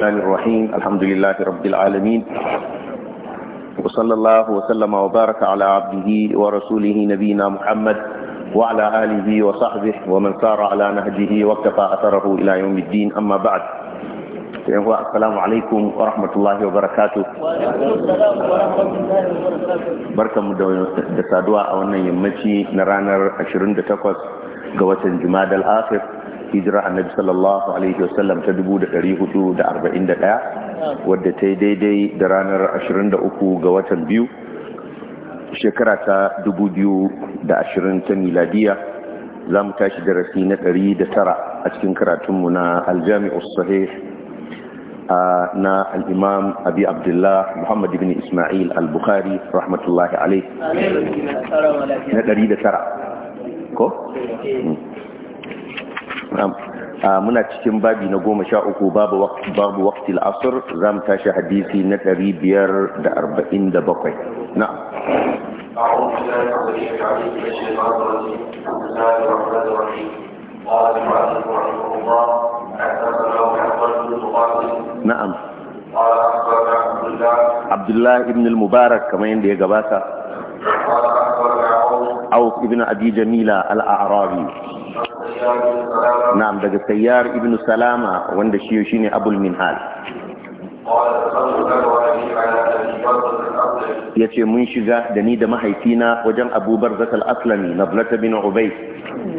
الرحمن الرحيم الحمد لله رب العالمين وصلى الله وسلم وبارك على عبده ورسوله نبينا محمد وعلى آله وصحبه ومن سار على نهجه واكتفى أثره إلى يوم الدين أما بعد السلام عليكم ورحمة الله وبركاته بركة مدى سادوا أولا يمتي نرانر 28 ga قوة Jumadal الآخر hijira annabi sallallahu alaihi wasallam ta 441 wadda ta yi daidai da ranar 23 ga watan biyu shekara ta 2020 ta miladiya za mu tashi darasi na 109 a cikin karatunmu na aljami'ar sahih na al'imam abi abdullah muhammad ibn ismail al-bukhari rahmatullahi alaihi na 109 ko? Eh, eh. muna cikin babi na goma sha uku babu wakti al'asar zam mu tashi hadisi na ɗari biyar da arba'in da bakwai na na'am Abdullahi ibn al-Mubarak kamar yadda ya gabata Auf ibn Abi Jamila al-A'rabi na'am daga sayyar ibn salama wanda shi shine abul minhal ya ce mun shiga da ni da mahaifina wajen abubar zakal aslami na blata bin ubai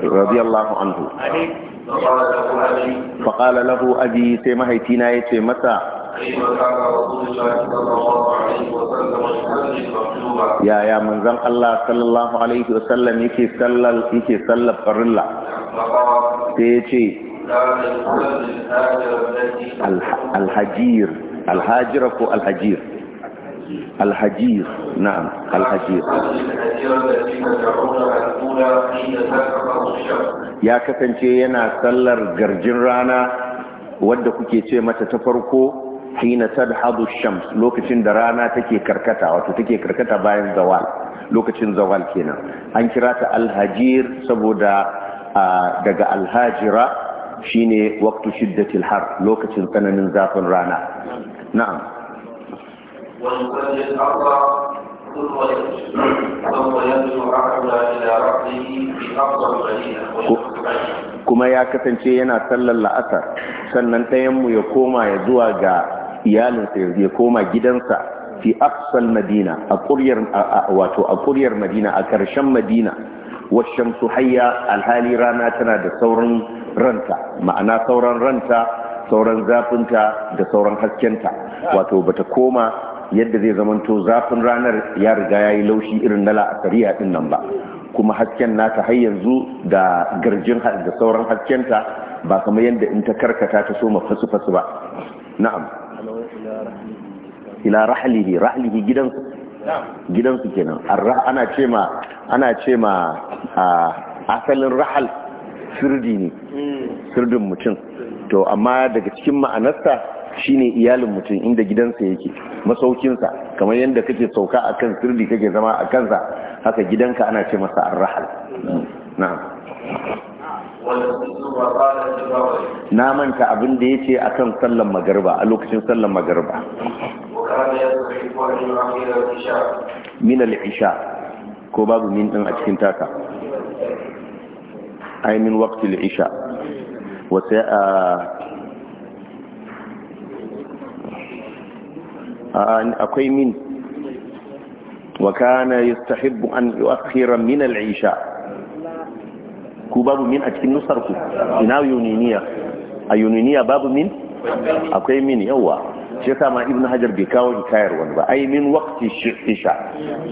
radiyallahu anhu faƙala lahu abi sai mahaifina ya ce masa Yaya ya manzan Allah sallallahu alaihi wasallam yake yake sallar farilla sai ya ce alhajir alhajir alhajir ya kasance yana sallar garjin rana wadda kuke ce mata ta farko hina tadhadu shams lokacin da rana take karkata wato take karkata bayan zawal lokacin zawal kenan an kira ta alhajir saboda daga alhajira shine waqtu shiddatil har lokacin tsananin zafin rana na'am kuma ya kasance yana sallar la'asar sannan ɗayanmu ya koma ya zuwa ga iyalinsa ya koma gidansa fi aqsal madina a kuryar wato a kuryar madina a karshen madina su hayya alhali rana tana da sauran ranta ma'ana sauran ranta sauran zafinta da sauran haskenta wato bata koma yadda zai zamanto zafin ranar ya riga ya yi laushi irin na la'asariya din nan ba kuma hasken nata har yanzu da garjin da sauran haskenta ba kamar yadda in ta karkata ta so fasu fasu ba na'am ila rahlihi rahlihi gidansu gidansu kenan ana ce ma ana ce asalin rahal sirdi ne hmm. sirdin mutum to amma daga cikin ma'anarsa shine iyalin mutum inda gidansa yake masaukinsa kamar yadda kake sauka akan sirdi kake zama a kansa haka gidanka ana ce masa arrahal na'am na manta abin da ya ce a kan sallan magarba a lokacin sallan magarba min al-isha ko babu min din a cikin taka ay min waqti al-isha wa sai akwai min wa kana yastahibbu an yu'akhkhira min al-isha ku babu min a cikin nusar ku ina yuniniya a yuniniya babu min akwai min yawa shi yasa ma ibnu hajar bai kawo hikayar wani ba ai min waqti shi'isha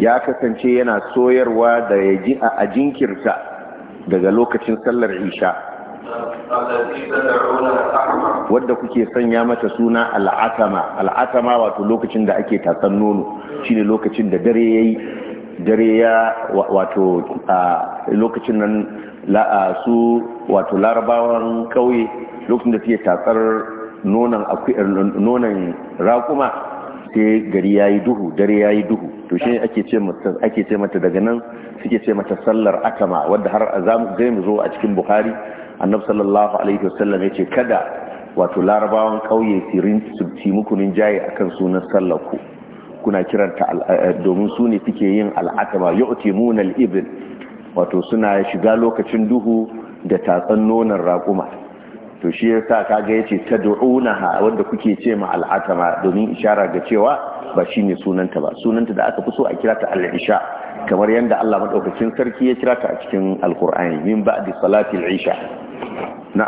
ya kasance yana soyarwa da ya ji a ajinkirta daga lokacin sallar isha wadda kuke sanya mata suna al'atama al'atama wato lokacin da ake tatsan nono shine lokacin da dare yayi dare ya wato a lokacin nan su wato larabawan kauye lokacin da suke tatsar nonan er, raƙuma sai gari yayi duhu dare yayi duhu to shi ake ce mata daga nan suke ce mata sallar akama wadda har zai mu zo a cikin Bukhari. annab sallallahu alaihi wasallam yace kada wato larabawan kauye su mukunin jaye akan sunan sallar ku kuna kiranta eh, domin su ne suke yin al'akama yu'timuna al-ibn wato suna shiga lokacin duhu da tatsan nonon raƙuma to shi ya sa kaga ya ce ta ha wanda kuke ce ma al'atama domin ishara ga cewa ba shi ne sunanta ba sunanta da aka fi so a kira ta al'isha kamar yadda Allah maɗaukacin sarki ya kira ta a cikin alkur'ani min ba'di salatil isha na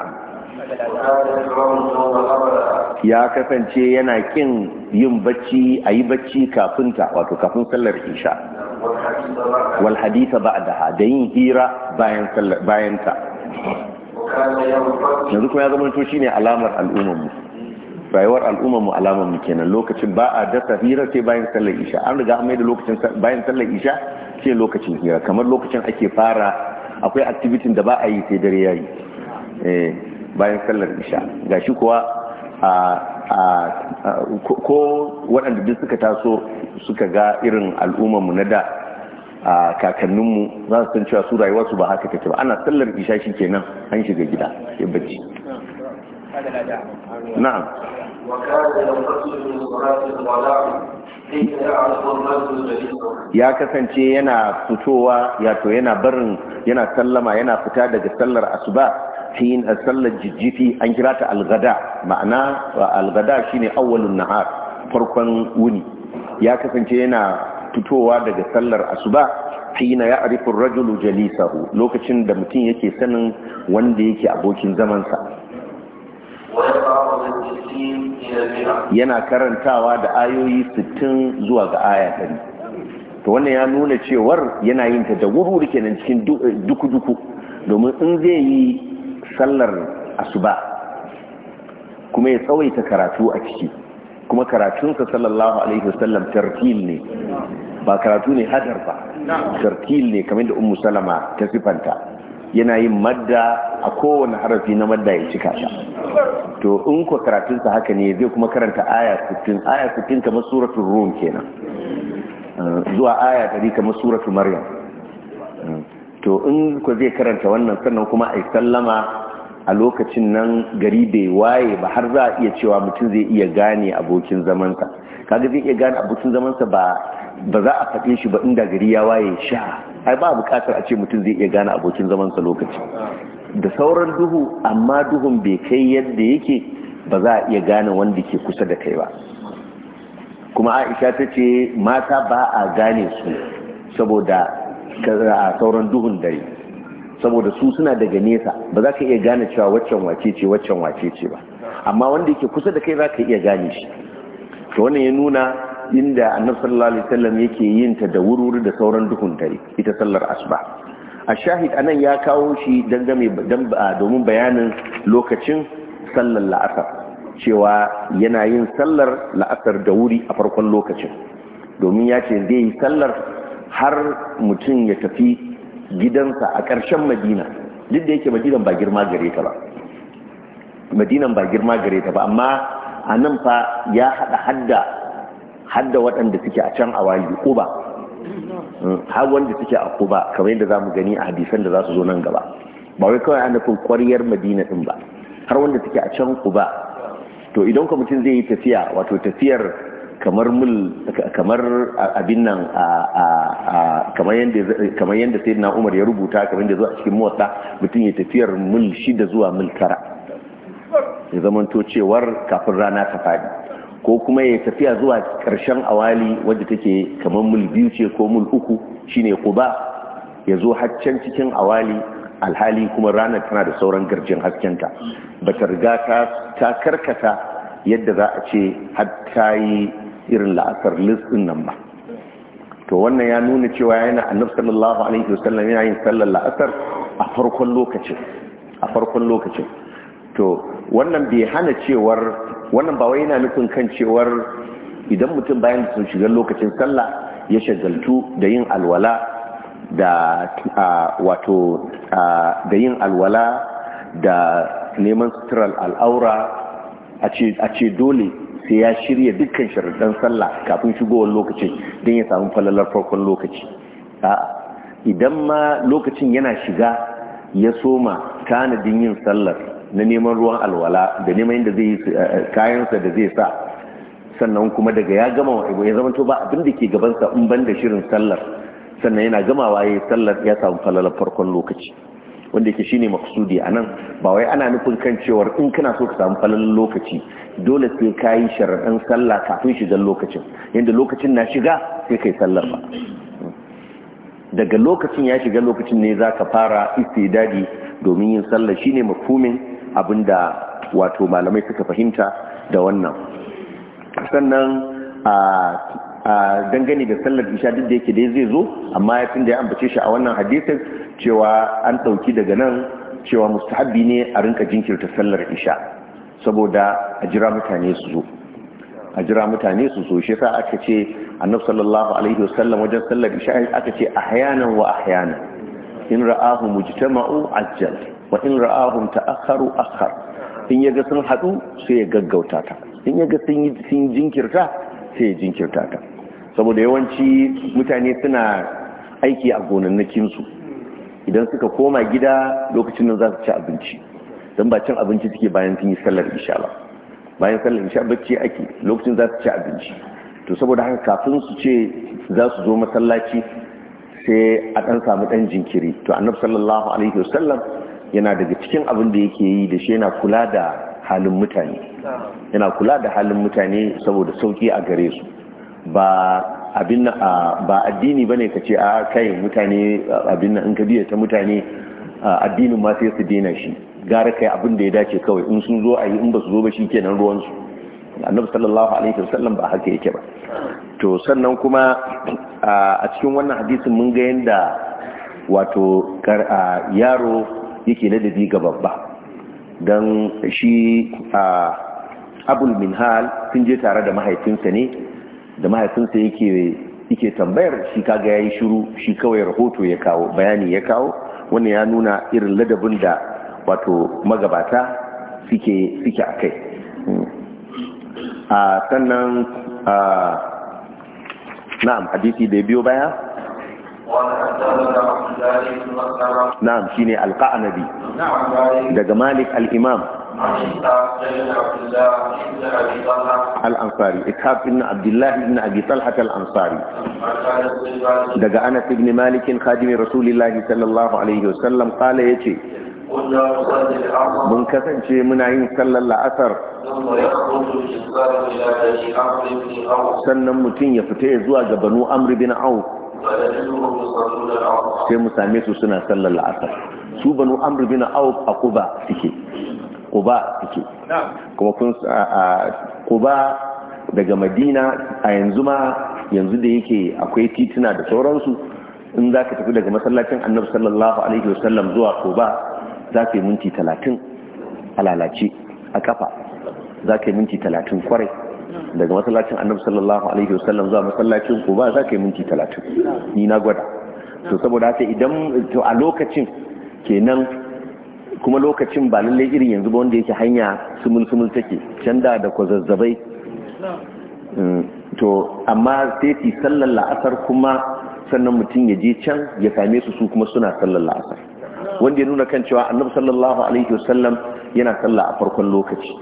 ya kasance yana kin yin bacci a yi bacci kafinta wato kafin sallar isha wal haditha ba'daha da yin hira bayan bayan ta yanzu kuma ya zama to shine alamar al'ummar mu rayuwar al'ummar mu alamar mu kenan lokacin ba a dasa hira sai bayan sallar isha an riga mai da lokacin bayan sallar isha sai lokacin hira kamar lokacin ake fara akwai activity da ba a yi sai dare yayi eh bayan sallar isha gashi kuwa a ko waɗanda duk suka taso suka ga irin al'ummar mu na da a kakanninmu za su san cewa su rayuwarsu ba haka take ba ana sallar isha shi kenan an shiga gida sai bacci na'am ya kasance yana fitowa yato yana barin yana sallama yana fita daga sallar asuba hin sallar jijjifi an kira ta algada ma'ana algada shine awwalun nahar farkon wuni ya kasance yana fitowa daga sallar asuba hina ya arifin rajulu jalisahu lokacin da mutum yake sanin wanda yake abokin zamansa yana karantawa da ayoyi sittin zuwa ga aya 100 to wannan ya nuna cewar yana yin ta da wuri kenan cikin eh, duku-duku domin in zai yi sallar asuba kuma ya tsawaita karatu a ciki kuma karatunsa sallallahu alaihi wasallam tartil ne ba karatu ne hadar ba tartil ne kamar da ummu salama ta sifanta yana yin madda a kowane harafi na madda ya cika ta to in ko karatunsa haka ne zai kuma karanta aya 60 aya 60 kamar suratul rum kenan eh, zuwa aya 100 kamar suratul maryam eh, to in ko zai karanta wannan sannan kuma ai sallama a lokacin nan gari bai waye ba har za a iya cewa mutum zai iya gane abokin zamansa kaga zai iya gane abokin zamansa ba ba za a faɗe shi ba inda gari ya waye sha ai ba buƙatar a ce mutum zai iya gane abokin zamansa lokaci da sauran duhu amma duhun bai kai yadda yake ba za a iya gane wanda ke kusa da kai ba kuma aisha ta ce mata ba a gane su saboda a sauran duhun dare saboda su suna daga nesa ba za ka iya gane cewa waccan wace ce waccan wace ce ba amma wanda yake kusa da kai za ka iya gane shi to wannan ya nuna inda annabi sallallahu alaihi wasallam yake yin ta da wurwuri da sauran duhun dare ita sallar asuba a shahid anan ya kawo shi dangame domin bayanin lokacin sallar la'asar cewa yana yin sallar la'asar da wuri a farkon lokacin domin ya ce zai yi sallar har mutum ya tafi gidansa a ƙarshen madina duk da yake madinan ba girma gare ta ba madinan ba girma gare ta ba amma a nan fa ya haɗa hadda har da waɗanda suke a can a wali kuba mm, har wanda suke a kuba kamar yadda za mu gani a hadisan da za su zo nan gaba ba wai kawai ana nufin madina ɗin ba har wanda suke a can kuba to idan ka mutum zai yi tafiya wato tafiyar kamar mul kamar abin nan kamar yadda kamar yadda Umar ya rubuta kamar yadda zuwa cikin motsa mutum ya tafiyar mul shida zuwa mul tara ya zamanto cewar kafin rana ta fadi ko kuma ya tafiya zuwa ƙarshen awali wadda take kamar mul biyu ce ko mul uku shine quba ya zo haccan cikin awali alhali kuma ranar tana da sauran garjin haskenta ba ta riga ta karkata yadda za a ce har ta yi irin la'asar listin nan ba to wannan ya nuna cewa yana annabi sallallahu alaihi wasallam yana yin sallar la'asar a farkon lokacin a farkon lokacin to wannan bai hana cewar wannan ba wai yana nufin kan cewar idan mutum bayan sun shiga lokacin sallah ya shagaltu da yin alwala da wato da yin alwala da neman sutural al'aura a ce dole sai ya shirya dukkan sharaɗin sallah kafin shigowar lokacin don ya samu falalar farkon lokaci idan ma lokacin yana shiga ya soma tanadin yin sallar na neman ruwan alwala da neman yadda zai yi eh, kayansa da zai sa sannan kuma daga ya gama wa ya zama to ba abin da ke gabansa in ban da shirin sallar sannan yana gamawa ya yi sallar ya samu falalar farkon lokaci wanda yake shine maksudi a nan ba wai ana nufin kan cewar in kana so ka samu falalar lokaci dole sai ka yi sharaɗin sallah kafin shigar lokacin yadda lokacin na shiga sai ka yi sallar ba daga lokacin ya shiga lokacin ne za ka fara istidadi domin yin sallah shine mafhumin da wato malamai suka fahimta da wannan sannan a dangane da sallar isha duk da yake dai zai zo amma ya da ya ambace shi a wannan hadisin cewa an ɗauki daga nan cewa mustahabi ne a rinka jinkirta sallar isha saboda a jira mutane su zo a jira mutane su so shi sa aka ce annabi sallallahu alaihi wasallam wajen sallar isha aka ce ahyanan wa ahyanan in ra'ahu mujtama'u ajjal wa in ra'ahum ta'akharu akhar in yaga sun hadu sai ya gaggauta ta in yaga sun sun jinkirta sai ya jinkirta ta saboda yawanci mutane suna aiki a gonannakin su idan suka koma gida lokacin nan za su ci abinci dan ba cin abinci suke bayan sun yi sallar insha ba bayan sallar isha bacci ake lokacin za su ci abinci to saboda haka kafin su ce za su zo masallaci sai a ɗan samu ɗan jinkiri to annabi sallallahu alaihi wasallam yana daga cikin abin da yake yi da shi yana kula da halin mutane yana kula da halin mutane saboda sauki a gare su ba abin ba addini bane ka ce a kai mutane abin in ka biya ta mutane addinin ma sai su dena shi gara kai abin da ya dace kawai in sun zo a in ba su zo ba shi kenan ruwansu annabi sallallahu alaihi wasallam ba haka yake ba to sannan kuma a cikin wannan hadisin mun ga yanda wato yaro yake ladabi ga babba don shi a abul minhal sun je tare da mahaifinsa ne da mahaifinsa yake tambayar shi kaga ya yi shiru shi kawai rahoto ya kawo bayani ya kawo wannan ya nuna irin ladabin da wato magabata suke suke a kai a sannan na'am hadisi da biyo baya na'am shine alqa'anabi daga malik al-imam الأنصاري إسحاق بن عبد الله بن أبي طلحة الأنصاري دقى أنس بن مالك خادم رسول الله صلى الله عليه وسلم قال يتي من كثن شيء من عين صلى الله أثر سنة متين يفتئ زواج بنو أمر بن عوف sai mu same su suna sallar la'asar su banu amr bin au a kuba suke kuba suke kuma kun kuba daga madina a yanzu ma yanzu da yake akwai tituna da sauransu in za ka tafi daga masallacin annabi sallallahu alaihi wasallam zuwa kuba za ka yi minti talatin a lalace a kafa za ka yi minti talatin kwarai daga masallacin annabi sallallahu alaihi wasallam zuwa masallacin ku ba za ka yi minti talatin ni na gwada to saboda haka idan to a lokacin kenan kuma lokacin ba lalle irin yanzu ba wanda yake hanya sumul sumul take can da da kwazazzabai mm, to amma sai ti sallar la'asar kuma sannan mutum ya je can ya same su su kuma suna sallar la'asar wanda ya nuna kan cewa annabi sallallahu alaihi wasallam yana sallah a farkon lokaci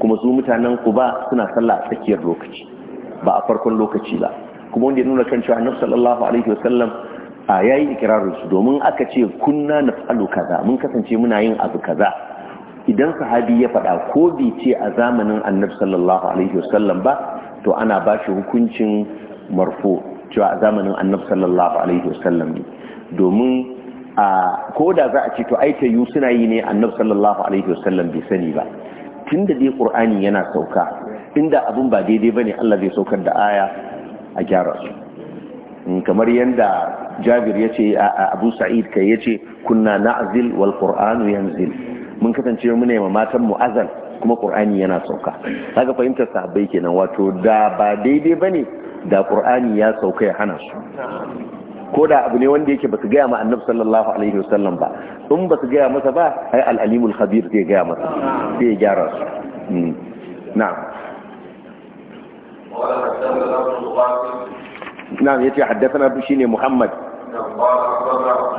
kuma su mutanen ba suna sallah tsakiyar lokaci ba a farkon lokaci ba kuma wanda ya nuna kan cewa annabi sallallahu alaihi wasallam a yayi ikrarin su domin aka ce kunna naf'alu kaza mun kasance muna yin abu kaza idan sahabi ya faɗa ko bai ce a zamanin annabi sallallahu alaihi wasallam ba to ana ba shi hukuncin marfo cewa a zamanin annabi sallallahu alaihi wasallam ne domin a ko da za a ce to ai tayu suna yi ne annabi sallallahu alaihi wasallam bai sani ba tun da dai ƙur'ani yana sauka inda abin ba daidai ba ne Allah zai saukar da aya a gyara su kamar yadda jabir ya ce a abu sa'id kai ya ce kunna na'zil wal qur'anu yanzil mun kasance mu ne matan mu azal kuma ƙur'ani yana sauka kaga fahimtar sahabbai kenan wato da ba daidai ba ne da ƙur'ani ya sauka ya hana su koda abu ne wanda yake basu gaya ma annabi sallallahu alaihi wasallam ba in basu gaya masa ba ai al-alimul khabir zai gaya masa zai gyara su na'am na'am yace haddathana bi shine muhammad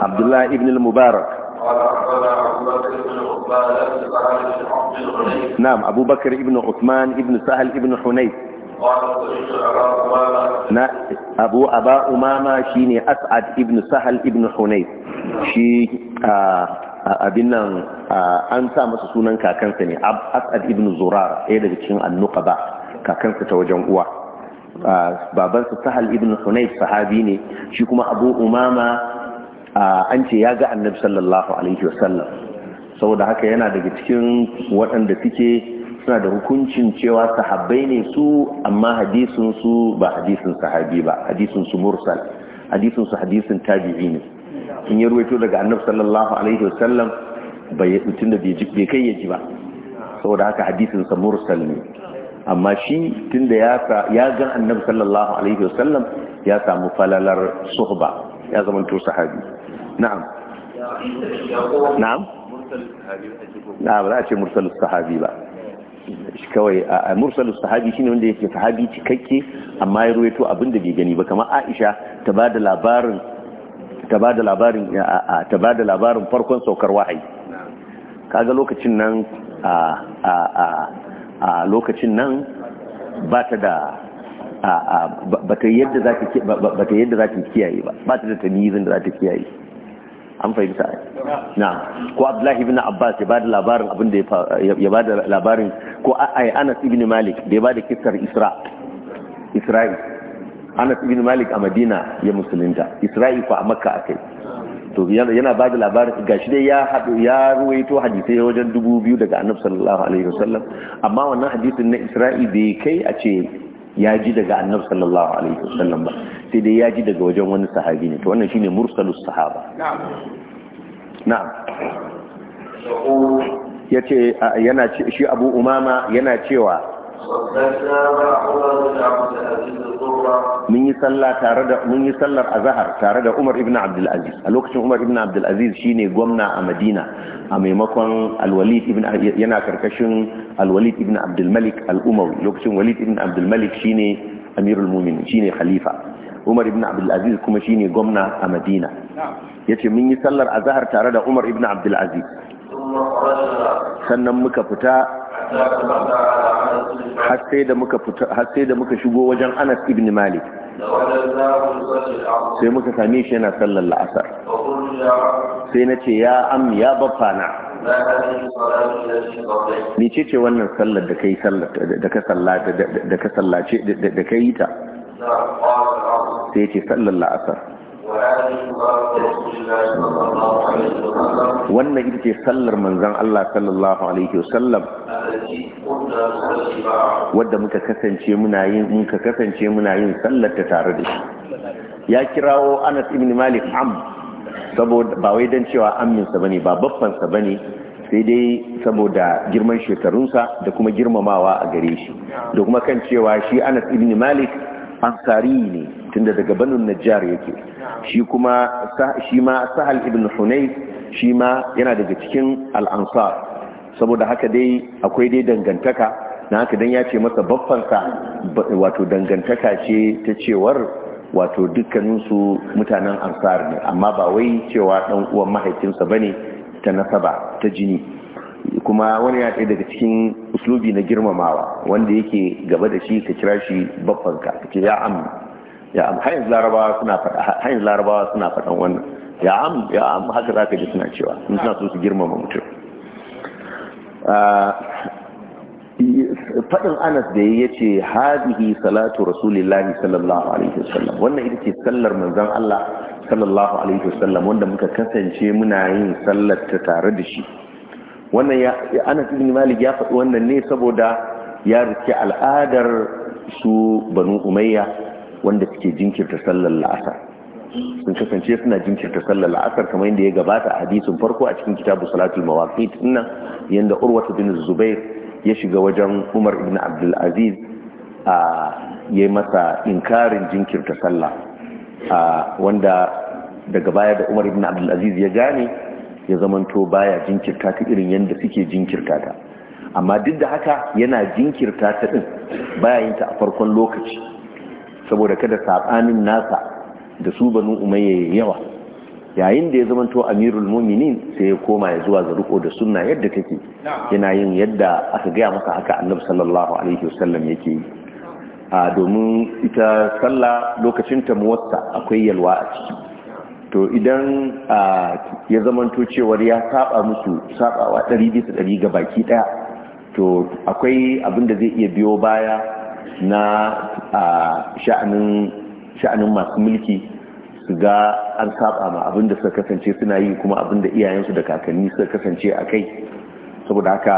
abdullah ibn al-mubarak نعم أبو بكر ابن عثمان ابن سهل ابن حنيف na abu aba umama shine as'ad ibn sahal ibn hunayf shi abin nan an sa masa sunan kakansa ne as'ad ibn zurar ɗaya daga cikin annuqaba kakansa ta wajen uwa babansa sahal ibn hunayf sahabi ne shi kuma abu umama an ce ya ga annabi sallallahu alaihi wasallam saboda haka yana daga cikin waɗanda suke suna da hukuncin cewa sahabbai ne su amma hadisin su ba hadisin sahabi ba hadisin su mursal hadisin su hadisin tabi'i ne in ya ruwaito daga annabi sallallahu alaihi wasallam bai mutun da bai kai ya ji ba saboda haka hadisin sa mursal ne amma shi tunda ya ya ga annabi sallallahu alaihi wasallam ya samu falalar suhba ya zama to sahabi na'am na'am na'am ba za a ce mursal sahabi ba shi kawai a mursalu sahabi shine wanda yake sahabi cikakke amma ya ruwaito abin da bai gani ba kamar Aisha ta ba da labarin ta ba da labarin ta ba da labarin farkon saukar wahayi kaga lokacin nan a a a lokacin nan ba ta da ba ta yadda ba ta kiyaye ba ba ta da tamizin da zaki kiyaye an fahimta na ko abdullahi ibn abbas ya bada labarin abin da ya bada labarin ko ai anas ibn malik da ya bada kisar isra isra'i anas ibn malik a madina ya musulunta isra'il fa a makka akai to yana bada labarin gashi dai ya hadu ya ruwaito hadisai wajen dubu biyu daga annabi sallallahu alaihi wasallam amma wannan hadisin na isra'il bai kai a ce ya ji daga annabi sallallahu alaihi wasallam ba sai dai ya ji daga wajen wani sahabi ne to wannan shine mursalus sahaba na'am yace yana shi Abu Umama yana cewa mun yi sallah tare da mun yi sallar azhar tare da Umar ibn Abdul Aziz a lokacin Umar ibn Abdul Aziz shine gwamna a Madina a maimakon Al-Walid ibn yana karkashin Al-Walid ibn Abdul Malik Al-Umawi lokacin Walid ibn Abdul Malik shine Amirul Mu'minin shine khalifa Umar ibn Abdul Aziz kuma shine gwamna a Madina yace mun yi sallar azhar tare da Umar ibn Abdul Aziz sannan muka fita har sai da muka shigo wajen Anas ibn Malik sai muka same shi yana sallar la'asar sai na ce ya am ya bafana ni ce ce wannan sallar da ka da ka yi ta sai ce sallar la'asar wannan ita ce sallar manzan Allah sallallahu alaihi wasallam wadda muka kasance muna yin muka kasance muna yin sallar ta tare da shi ya kirawo Anas ibn Malik am saboda ba wai dan cewa amin sa bane ba babban sa bane sai dai saboda girman shekarunsa da kuma girmamawa a gare shi da kuma kan cewa shi Anas ibn Malik ansari ne tunda daga banin Najjar yake shi kuma shi ma sahal ibn hunay shi ma yana daga cikin al'ansar saboda haka dai akwai dai dangantaka na haka dan ya ce masa baffansa wato dangantaka ce ta cewar wato dukkaninsu mutanen ansar ne amma ba wai cewa dan uwan mahaifinsa bane ta nasaba ta jini kuma wani ya daga cikin uslubi na girmamawa wanda yake gaba da shi ka kira shi baffanka ka ce ya amma ya am har yanzu larabawa suna faɗa har yanzu larabawa suna faɗan wannan ya am ya am haka za ka ji suna cewa in suna so su girmama mutum ah, faɗin anas da ya ce hadihi salatu rasulillahi sallallahu alaihi wasallam wannan ita ce sallar manzon Allah sallallahu alaihi wasallam wanda muka kasance muna yin sallar ta tare da shi wannan ya anas ibn malik ya faɗi wannan ne saboda ya rike al'adar su banu umayya wanda suke jinkirta sallar la'asar sun kasance suna jinkirta sallar la'asar kamar yadda ya gabata a hadisin farko a cikin kitabu salatul mawaqit dinnan yanda urwatu bin zubair ya shiga wajen umar ibn abdul aziz a yayi masa inkarin jinkirta sallah wanda daga baya da umar ibn abdul ya gane ya zamanto baya jinkirta ta irin yadda suke jinkirta ta amma duk da haka yana jinkirta ta din bayan ta a farkon lokaci saboda kada saɓanin nasa da su banu umayya yawa yayin da ya zamanto amirul muminin sai ya koma ya zuwa ga riko da sunna yadda take yana yin yadda aka gaya masa haka annabi sallallahu alaihi wasallam yake yi a domin ita sallah lokacin ta muwatta akwai yalwa a ciki to idan ya zamanto cewar ya saba musu sabawa 100 bisa 100 ga baki daya to akwai abin da zai iya biyo baya na sha'anin masu mulki su ga an saba ma abin da suka kasance suna yi kuma abin da iyayensu da kakanni suka kasance a kai saboda haka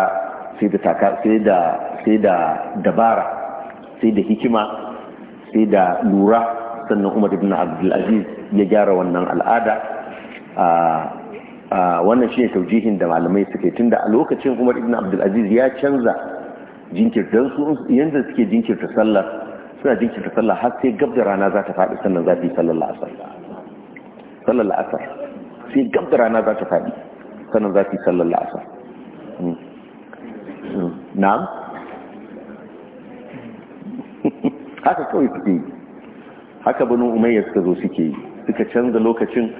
sai da taka sai da sai da dabara sai da hikima sai da lura sannan Umar ibn Abdul ya gyara wannan al'ada a wannan shine taujihin da malamai suke tunda a lokacin Umar ibn Abdul ya canza jinkirta su yanzu suke jinkirta sallah suna jinkirta sallah har sai gab da rana za ta faɗi sannan za ta yi sallar la'asar sallar la'asar sai gab da rana za ta faɗi sannan za ta yi sallar la'asar hmm. na'am haka kawai suke yi haka bani umayya suka zo suke yi suka canza lokacin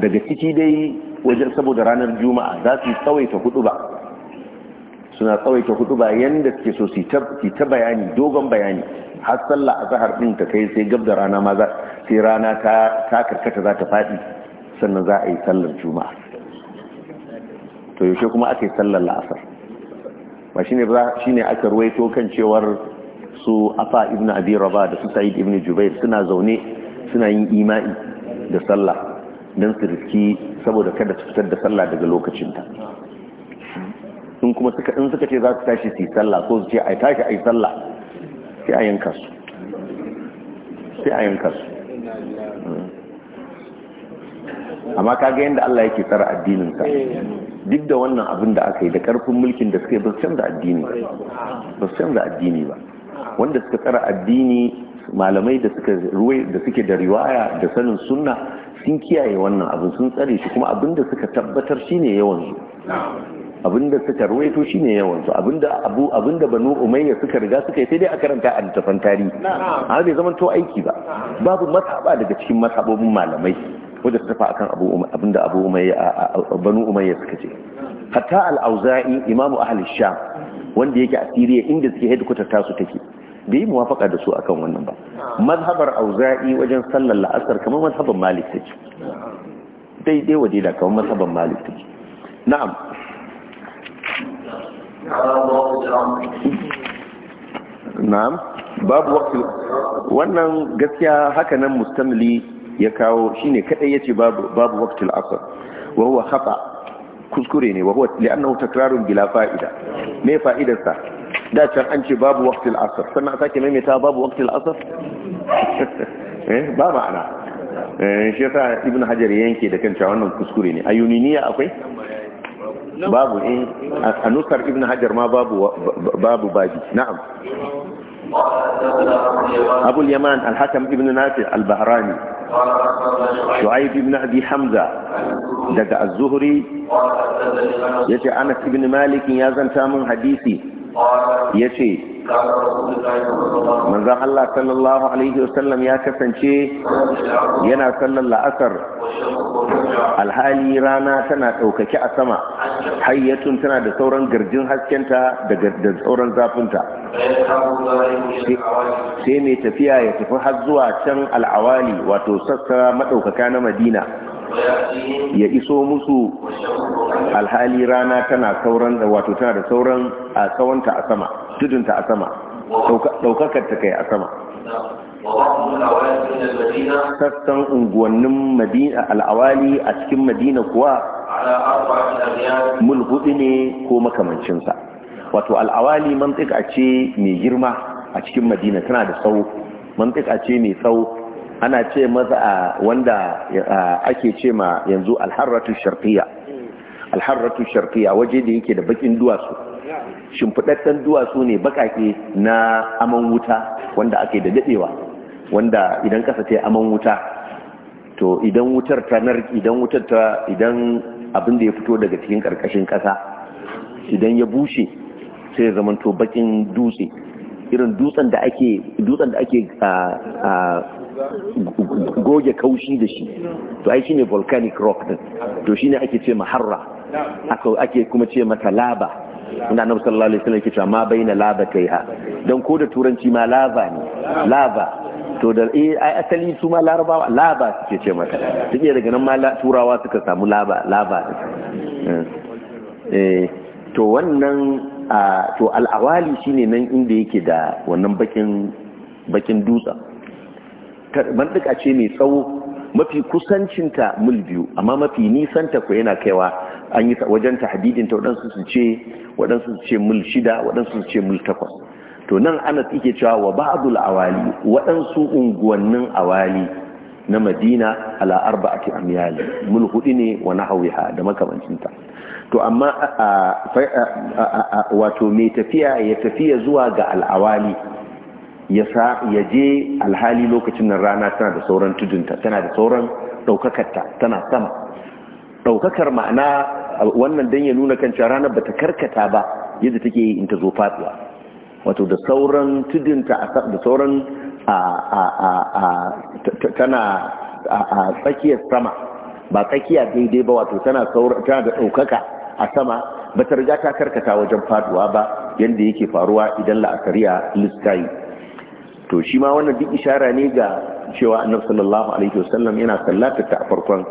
daga ciki dai wajen saboda ranar juma'a za su yi tsawaita hudu ba suna tsawaita hudu bayan da suke so su ta bayani dogon bayani har sallah a zahar din ta kai sai gab da rana ma sai rana ta karkata za ta faɗi sannan za a yi sallar juma'a to yaushe kuma aka yi sallar la'asar ba ne ba ne aka ruwaito kan cewar su afa Ibn abi raba da su sa'id Ibn jubair suna zaune suna yin imani da sallah dan su riski saboda kada su fitar da sallah daga lokacinta in kuma suka in suka ce za su tashi su yi sallah ko su ce a tashi a yi sallah sai a yanka su sai a yanka su amma kaga yadda Allah yake tsara addinin duk da wannan abin da aka yi da karfin mulkin da suka yi ba su canza addini ba ba su canza addini ba wanda suka tsara addini malamai da suka ruwai da suke da riwaya da sanin sunna sun kiyaye wannan abin sun tsare shi kuma abin da suka tabbatar shine yawan abinda suka ruwaito shine yawan su abinda abu abinda banu umayya suka riga suka yi sai dai a karanta a littafan tarihi amma bai zama to aiki ba babu masaba daga cikin masabobin malamai wanda tafa akan abu abinda abu umayya banu umayya suka ce hatta al-auza'i imamu ahli sham wanda yake a siriya inda suke headquarter tasu take bai muwafaka da su akan wannan ba mazhabar auza'i wajen sallar la'asar kamar mazhabar malik take daidai wadila kamar mazhabar malik take na'am na'am babu waqti wannan gaskiya haka nan mustamli ya kawo shine kadai yace babu babu waqti al-asr wa huwa khata kuskure ne wa huwa li'annahu takrarun bila fa'ida me fa'idarsa da can an ce babu waqti al-asr sannan sake maimaita babu waqti al-asr eh ba ma'ana eh shi yasa ibnu hajar yanke da kanta wannan kuskure ne ayuniniya akwai نعم. باب eh a nusar ibn ما باب babu babu نعم أبو اليمان الحكم ابن نافع البهراني شعيب بن أبي حمزة دقى الزهري يجي أنس بن مالك يازن تامن حديثي يجي من ذا الله صلى الله عليه وسلم يا كسن شيء ينا صلى الله أثر alhali rana tana ɗaukaki a sama hayyatun tana da sauran garjin haskenta da sauran zafinta sai mai tafiya ya tafi har zuwa can al'awali wato sassa maɗaukaka na madina ya iso musu alhali rana tana sauran da wato tana da sauran a tsawonta a sama tudunta a sama ɗaukakar ta kai a sama sassan unguwannin madina al'awali a cikin madina kuwa mulhudu ne ko makamancinsa wato al'awali mantika ce mai girma a cikin madina tana da tsawo mantika ce mai tsawo ana ce maza a wanda ake ce ma yanzu alharratu sharfiya alharratu sharfiya waje da yake da bakin duwatsu shimfiɗaɗɗen duwatsu ne bakake na aman wuta wanda ake da daɗewa wanda idan kasa ce aman wuta to idan wutar ta idan wutar ta idan abin da ya fito daga cikin karkashin kasa idan ya bushe sai ya to bakin dutse irin dutsen da ake dutsen da ake goge kaushi da shi to ai shine volcanic rock din to shine ake ce maharra ake kuma ce mata laba inda annabi sallallahu alaihi wasallam yake cewa ma baina laba kaiha dan ko da turanci ma lava ne lava to da eh, ai asali su ma larabawa laba suke ce mata suke daga nan ma turawa suka samu laba laba eh, eh, to wannan to al'awali shine nan inda yake da wannan bakin bakin dutsa mantuka ce mai tsawo mafi kusancinta mil biyu amma mafi ta ko yana kaiwa an yi wajen tahdidin ta waɗansu su ce waɗansu su ce mil shida waɗansu su ce mil takwas to nan ana yake cewa wa ba'dul awali waɗansu unguwannin awali na madina ala arba'ati amyali mul hudu ne wa nahawiha da ta to amma wato mai tafiya ya tafiya zuwa ga al'awali ya je alhali lokacin nan rana tana da sauran tudunta tana da sauran ɗaukakarta tana sama ɗaukakar ma'ana wannan dan ya nuna kan cewa ranar ba ta karkata ba yadda take yi in ta zo faɗuwa wato da sauran tudinta da sauran tana a tsakiyar sama ba tsakiya daidai ba wato tana da ɗaukaka a sama ba ta riga ta karkata wajen faduwa ba yadda yake faruwa idan la'asariya listayi to shi ma wannan duk ishara ne ga cewa annabi sallallahu alaihi wasallam yana sallata ta a farkon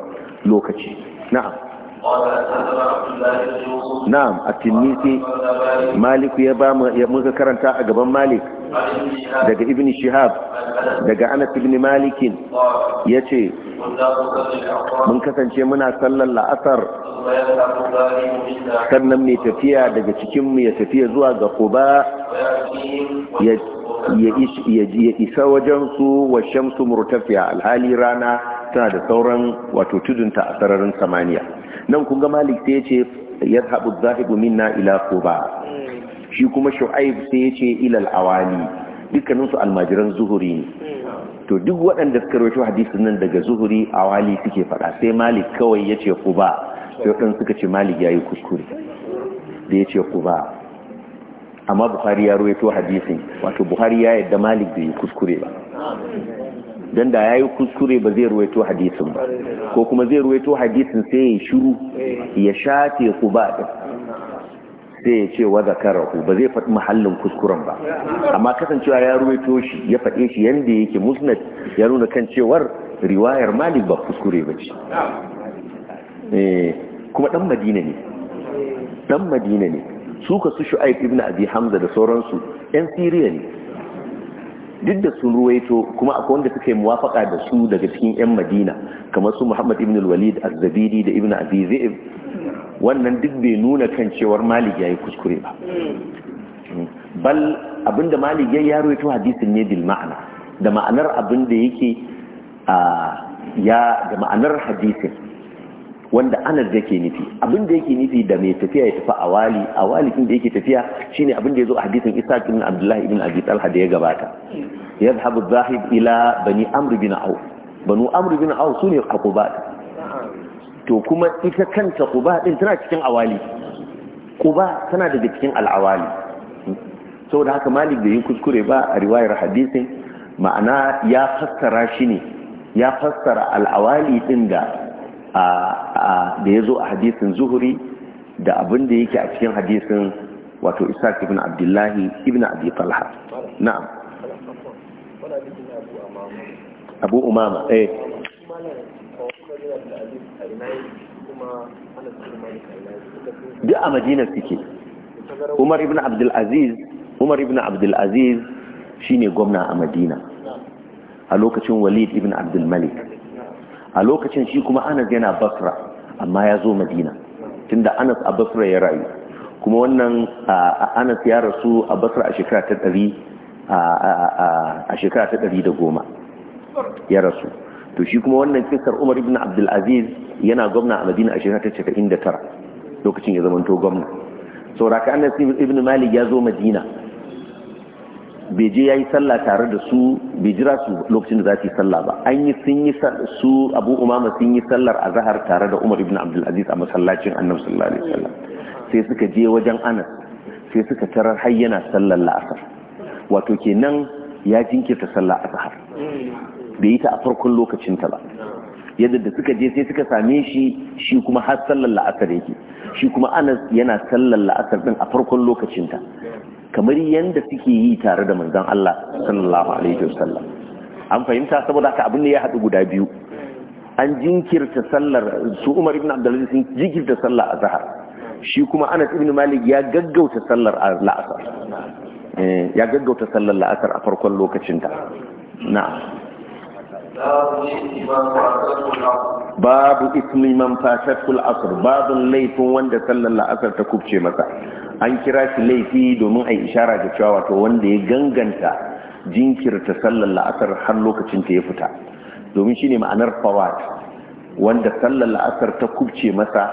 lokaci na'am na'am a tilmisi Malik ya ba muka karanta a gaban malik daga ibn shihab daga anas ibn malikin ya ce mun kasance muna sallar la'asar sannan mai tafiya daga cikinmu ya tafiya zuwa ga kuba ya isa wajensu wa shamsu murtafiya alhali rana tana da sauran wato tudunta a sararin samaniya nan kun ga malik sai ya ce yadhabu zahibu minna ila ba shi kuma shu'aib sai ya ce ilal awali dukkanin su almajiran zuhuri ne to duk waɗanda suka rawaito hadisin nan daga zuhuri awali suke faɗa sai malik kawai ya ce ba, sai waɗanda suka ce malik ya yi kuskure da ya ce ba, amma buhari ya rawaito hadisin wato buhari ya yadda malik bai kuskure ba don da ya yi kuskure ba zai ruwaito hadisin ba ko kuma zai ruwaito hadisin sai ya shiru ya shafe ku ba ɗin sai ya ce wa zakarahu ba zai faɗi mahallin kuskuren ba amma kasancewa ya ruwaito shi ya faɗe shi yadda yake musnad ya nuna kan cewar riwayar malik ba kuskure ba ce eh, kuma ɗan madina ne ɗan madina ne su ka su shu'aib ibn abi hamza da sauransu yan siriya ne duk da sun ruwaito kuma akwai wanda suka yi muwafaka da su daga cikin 'yan madina kamar su muhammad ibn walid az-zabidi da ibn abi wannan duk bai nuna kan cewar malik yayi kuskure ba hmm. bal abinda malik ya ruwaito hadisin ne bil ma'ana da ma'anar abinda yake a ah, ya da ma'anar hadisin wanda anas yake nufi abin da yake nufi da mai tafiya ya tafi awali awali kin da yake tafiya shine abin da yazo a hadisin Isa ibn Abdullah ibn Abi Talha da ya gabata yadhhabu zahib ila bani Amr bin au banu Amr bin Auf sune Quba to kuma ita kanta Quba din tana cikin awali Quba tana daga cikin al-awali saboda haka Malik bai yi kuskure ba a riwayar hadisin ma'ana ya fassara shi ne ya fassara al'awali awali din da da ya zo a hadisin zuhuri da abin da yake a cikin hadisin wato isaac ibn abdullahi ibn abi talha na'am abu umama eh duk a madina suke umar ibn abdulaziz umar ibn abdulaziz shine gwamna a madina a lokacin walid ibn abdulmalik a lokacin shi kuma anas yana basra amma ya zo madina tunda anas a basra ya rayu kuma wannan anas ya rasu a basra a shekara ta ɗari a shekara ta ɗari da goma ya rasu to shi kuma wannan kisar umar ibn abdulaziz yana gwamna a madina a shekara ta casa'in da tara lokacin ya zamanto gwamna sauraka anas ibn malik ya zo madina bai je yi sallah tare da su bai jira su lokacin da za su yi sallah ba an yi sun yi su Abu Umama sun yi sallar zahar tare da Umar ibn Abdul Aziz a masallacin Annabi sallallahu alaihi wasallam sai suka je wajen Anas sai suka tarar har yana sallar la'asar wato kenan ya jinkirta sallar zahar bai yi ta a farkon lokacin ta ba yadda da suka je sai suka same shi shi kuma har sallar la'asar yake shi kuma anas yana sallar la'asar din a farkon lokacinta kamar yadda suke yi tare da manzan Allah sallallahu alaihi wasallam an fahimta saboda haka abin da ya haɗu guda biyu an jinkirta sallar su Umar ibn Abdulaziz sun jinkirta sallar a zahar shi kuma Anas ibn Malik ya gaggauta sallar la'asar eh, ya gaggauta sallar la'asar a farkon lokacinta na babu ismi man fasatul asr babu laifin wanda sallar la'asar ta kubce masa an kira shi laifi domin a ishara da cewa wato wanda ya ganganta jinkirta sallar la'asar har lokacin ta ya fita domin shi ne ma'anar fawat wanda sallar la'asar ta kubce masa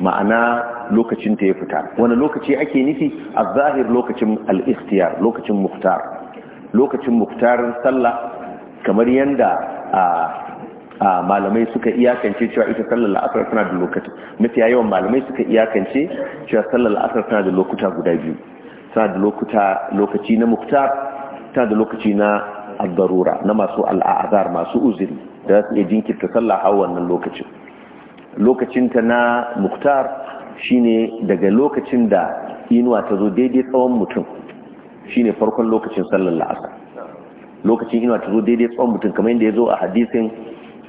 ma'ana lokacin ta ya fita wani lokaci ake nufi a zahir lokacin al'ikhtiyar lokacin muktar lokacin muktar sallah kamar yadda malamai suka iyakance cewa ita sallar la'asar tana da lokuta mafi yawan malamai suka iyakance cewa sallar la'asar tana da lokuta guda biyu tana da lokuta lokaci na muktar tana da lokaci na al-darura na masu al'azar masu uzuri da su iya jinkirta sallar hawa wannan lokacin lokacinta na muktar shine daga lokacin da inuwa ta zo daidai tsawon mutum shine farkon lokacin sallar la'asar lokacin inuwa ta zo daidai tsawon mutum kamar yadda ya zo a hadisin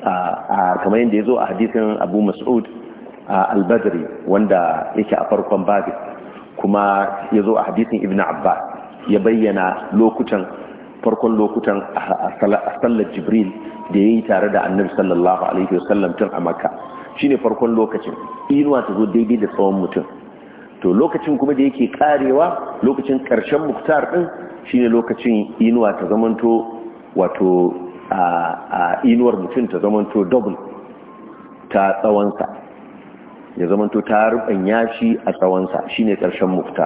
A kamar yadda ya zo a hadisin abu mas'ud al-badri wanda yake a farkon babi kuma ya zo a hadisin ibn abbas ya bayyana lokutan farkon lokutan a sallar jibril da ya yi tare da annabi sallallahu alaihi wasallam tun a makka ne farkon lokacin inuwa ta zo daidai da tsawon mutum to lokacin kuma da yake karewa lokacin karshen muktar din shine lokacin inuwa ta zamanto wato a inuwar mutum ta zamanto double ta tsawonsa ya to ta rubanya shi a tsawonsa shi ne ƙarshen mufta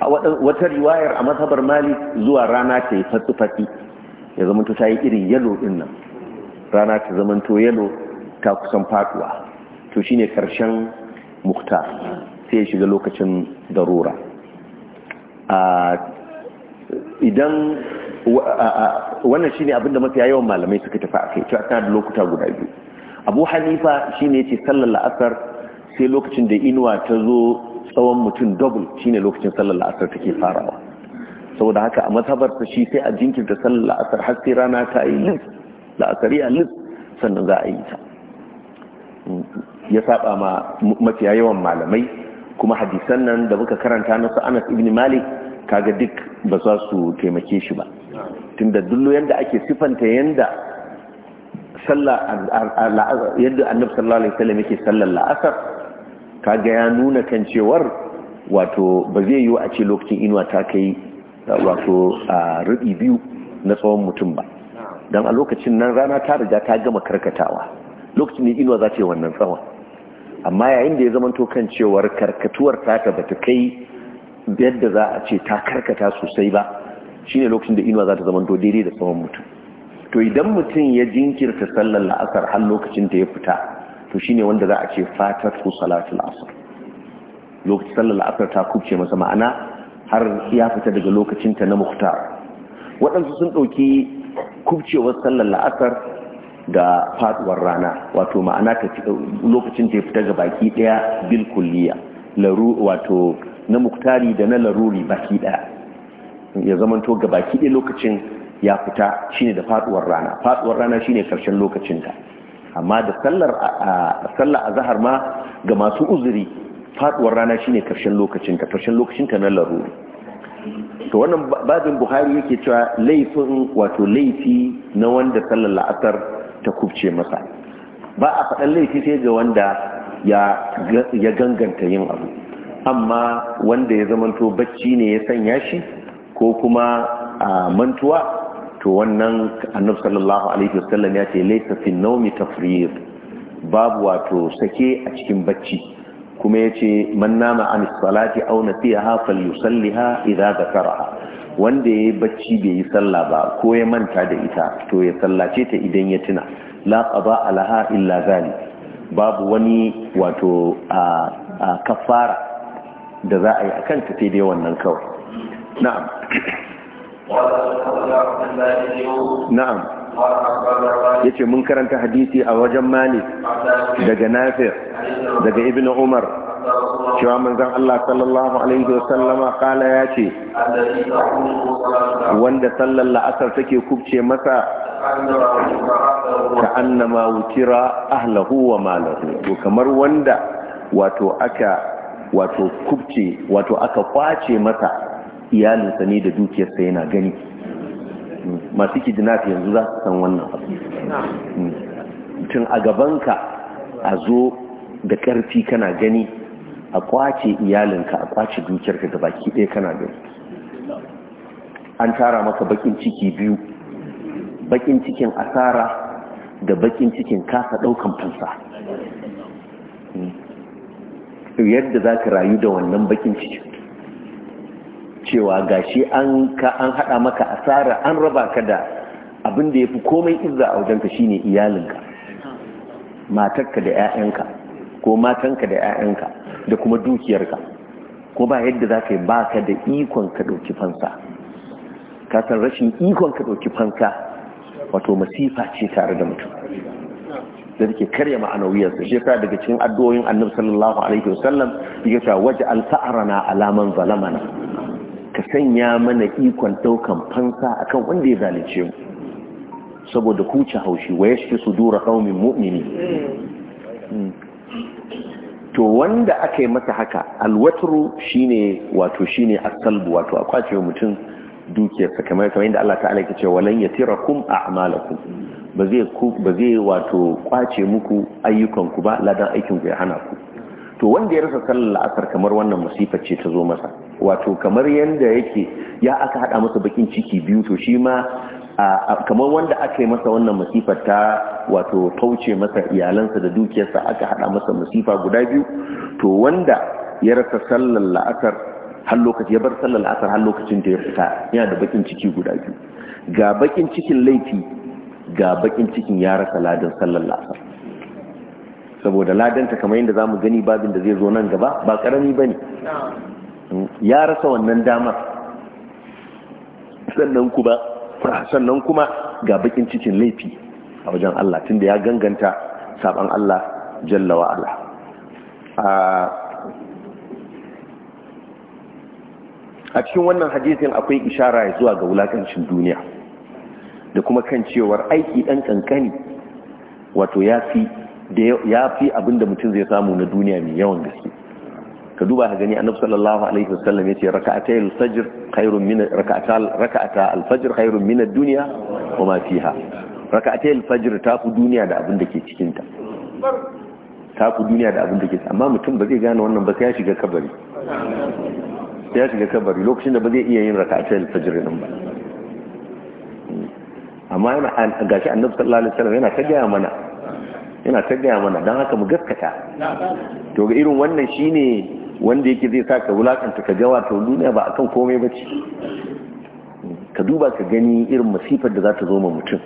a wata riwayar a masabar mali zuwa rana ta yi fatsi ya ya to ta yi irin yalo din nan rana ta zamanto yalo ta kusan faduwa to shi ne ƙarshen mufta sai ya shiga lokacin darura a idan wannan shine abin da mafi yawan malamai suka tafi akai cewa tana da lokuta guda biyu abu hanifa shine yace sallar la'asar sai lokacin da inuwa ta zo tsawon mutum double shine lokacin sallar la'asar take farawa saboda haka a mazhabar ta shi sai a jinkirta sallar la'asar har sai rana ta yi lis la'asari a lis sannan za a yi ta ya saba ma mafi yawan malamai kuma hadisan nan da muka karanta na su Anas ibn Malik kaga duk ba za su taimake shi ba tunda dullo yadda ake sifanta yadda yadda annabi sallallahu alaihi wasallam yake sallar la'asar kaga ya nuna kan cewar wato ba zai yiwu a ce lokacin inuwa ta kai wato a rubi biyu na tsawon mutum ba don a lokacin nan rana ta riga ta gama karkatawa lokacin ne inuwa za ta yi wannan tsawon amma yayin da ya zama to kan cewar karkatuwar ta ta bata kai yadda za a ce ta karkata sosai ba shine lokacin da inuwa za ta zama daidai da tsawon mutum to idan mutum ya jinkirta sallar la'asar har lokacin da ya fita to shine wanda za a ce fatar su salatu la'asar, lokacin sallar la'asar ta kubce masa ma'ana har ya fita daga lokacinta na muktar waɗansu sun ɗauki kubcewar sallar la'asar da faduwar rana wato ma'ana lokacin ta fita ga baki ɗaya bil kulliya laru wato na muktari da na laruri baki ɗaya ya zamanto ga baki ɗaya lokacin ya fita shine da faduwar rana faduwar rana shine karshen ta amma da sallar sallar azhar ma ga masu uzuri faduwar rana shine karshen ta karshen ta na laruri to wannan babin buhari yake cewa laifin wato laifi na wanda sallar la'asar ta kubce masa ba a faɗan laifi sai ga wanda ya ganganta yin abu amma wanda ya zamanto bacci ne ya sanya shi ko kuma a mantuwa to wannan annabi sallallahu alaihi wasallam ya ce laysa fi nawmi tafriq babu wato sake a cikin bacci kuma ya ce man nama an salati aw nasiha yusalliha idza dhakaraha wanda ya bacci bai yi sallah ba ko ya manta da ita to ya sallace ta idan ya tuna la qaba alaha illa zali. babu wani wato a kafara da za a yi a kanta sai dai wannan kawai na'am na'am ya ce mun karanta hadisi a wajen malik daga nafir daga ibn umar cewa manzan Allah sallallahu alaihi wasallama kala ya ce wanda sallar la'asar take kubce masa ka annama wukira ahlahu wa malahu to kamar wanda wato aka wato kubce wato aka kwace masa iyalinsa ne da dukiyarsa yana gani masu kidnap yanzu za su san wannan tun a gabanka a zo da ƙarfi kana gani a kwace iyalinka a kwace dukiyarka da baki ɗaya kana gani an tara maka bakin ciki biyu bakin cikin asara da bakin cikin kasa ɗaukan fansa yadda za ka rayu da wannan bakin ciki cewa gashi an ka an haɗa maka asara an raba ka da abin da ya fi komai izza a wajenka shine iyalinka matarka da 'ya'yanka ko matanka da 'ya'yanka da kuma dukiyarka ko ba yadda za ka yi ba ka da ikon ka ɗauki fansa ka san rashin ikon ka ɗauki fansa wato masifa ce tare da mutum da take karya ma'anawiyarsa shi yasa daga cikin addu'o'in annabi sallallahu alaihi wasallam yake cewa waje al sa'rana ala man zalamana ka sanya mana ikon daukan fansa akan wanda ya zalunce mu saboda huce haushi wa yashki sudura qaumin mu'mini hmm. to wanda aka yi masa haka alwatru shine wato shine asalbu wato akwace mutum dukiyarsa kamar kamar yadda Allah ta'ala yake cewa walan yatirakum a'malakum ba zai ku ba zai wato kwace muku ayyukan ku ba ladan aikin ku ya hana ku to wanda ya rasa sallar asar kamar wannan musifa ce ta zo masa wato kamar yadda yake ya aka hada masa bakin ciki biyu to shi ma kamar wanda aka yi masa wannan musifa ta wato tauce masa iyalansa da dukiyarsa aka hada masa masifa guda biyu to wanda ya rasa sallar la'asar har lokaci ya bar sallar asar har lokacin da ya fita yana da bakin ciki guda biyu ga bakin cikin laifi ga bakin cikin ya rasa ladan sallar asar saboda ta kamar yadda zamu gani babin da zai zo nan gaba ba karami bane ya rasa wannan damar sannan kuma sannan kuma ga bakin cikin laifi a wajen Allah tunda ya ganganta sabon Allah jalla wa ah, a cikin wannan hadisin akwai ishara zuwa ga wulakancin duniya da kuma kan cewar aiki ɗan ƙanƙani wato ya fi abinda mutum zai samu na duniya mai yawan gaske ka duba ka gani annabi sallallahu alaihi wasallam yace raka'ata al-fajr khairun min raka'ata raka'ata al-fajr khairun min ad-dunya wa ma fiha al-fajr ta fi duniya da abinda ke cikin ta ta fi duniya da abinda ke ke amma mutum ba zai gane wannan ba sai ya shiga kabari ya shiga kabari lokacin da ba zai iya yin raka'atul fajr din ba amma yana gashi annabi sallallahu alaihi wasallam yana ta mana yana ta mana dan haka mu gaskata to ga irin wannan shine wanda yake zai saka wulakanta ka gawa to duniya ba akan komai bace ka duba ka gani irin masifar da za ta zo ma mutum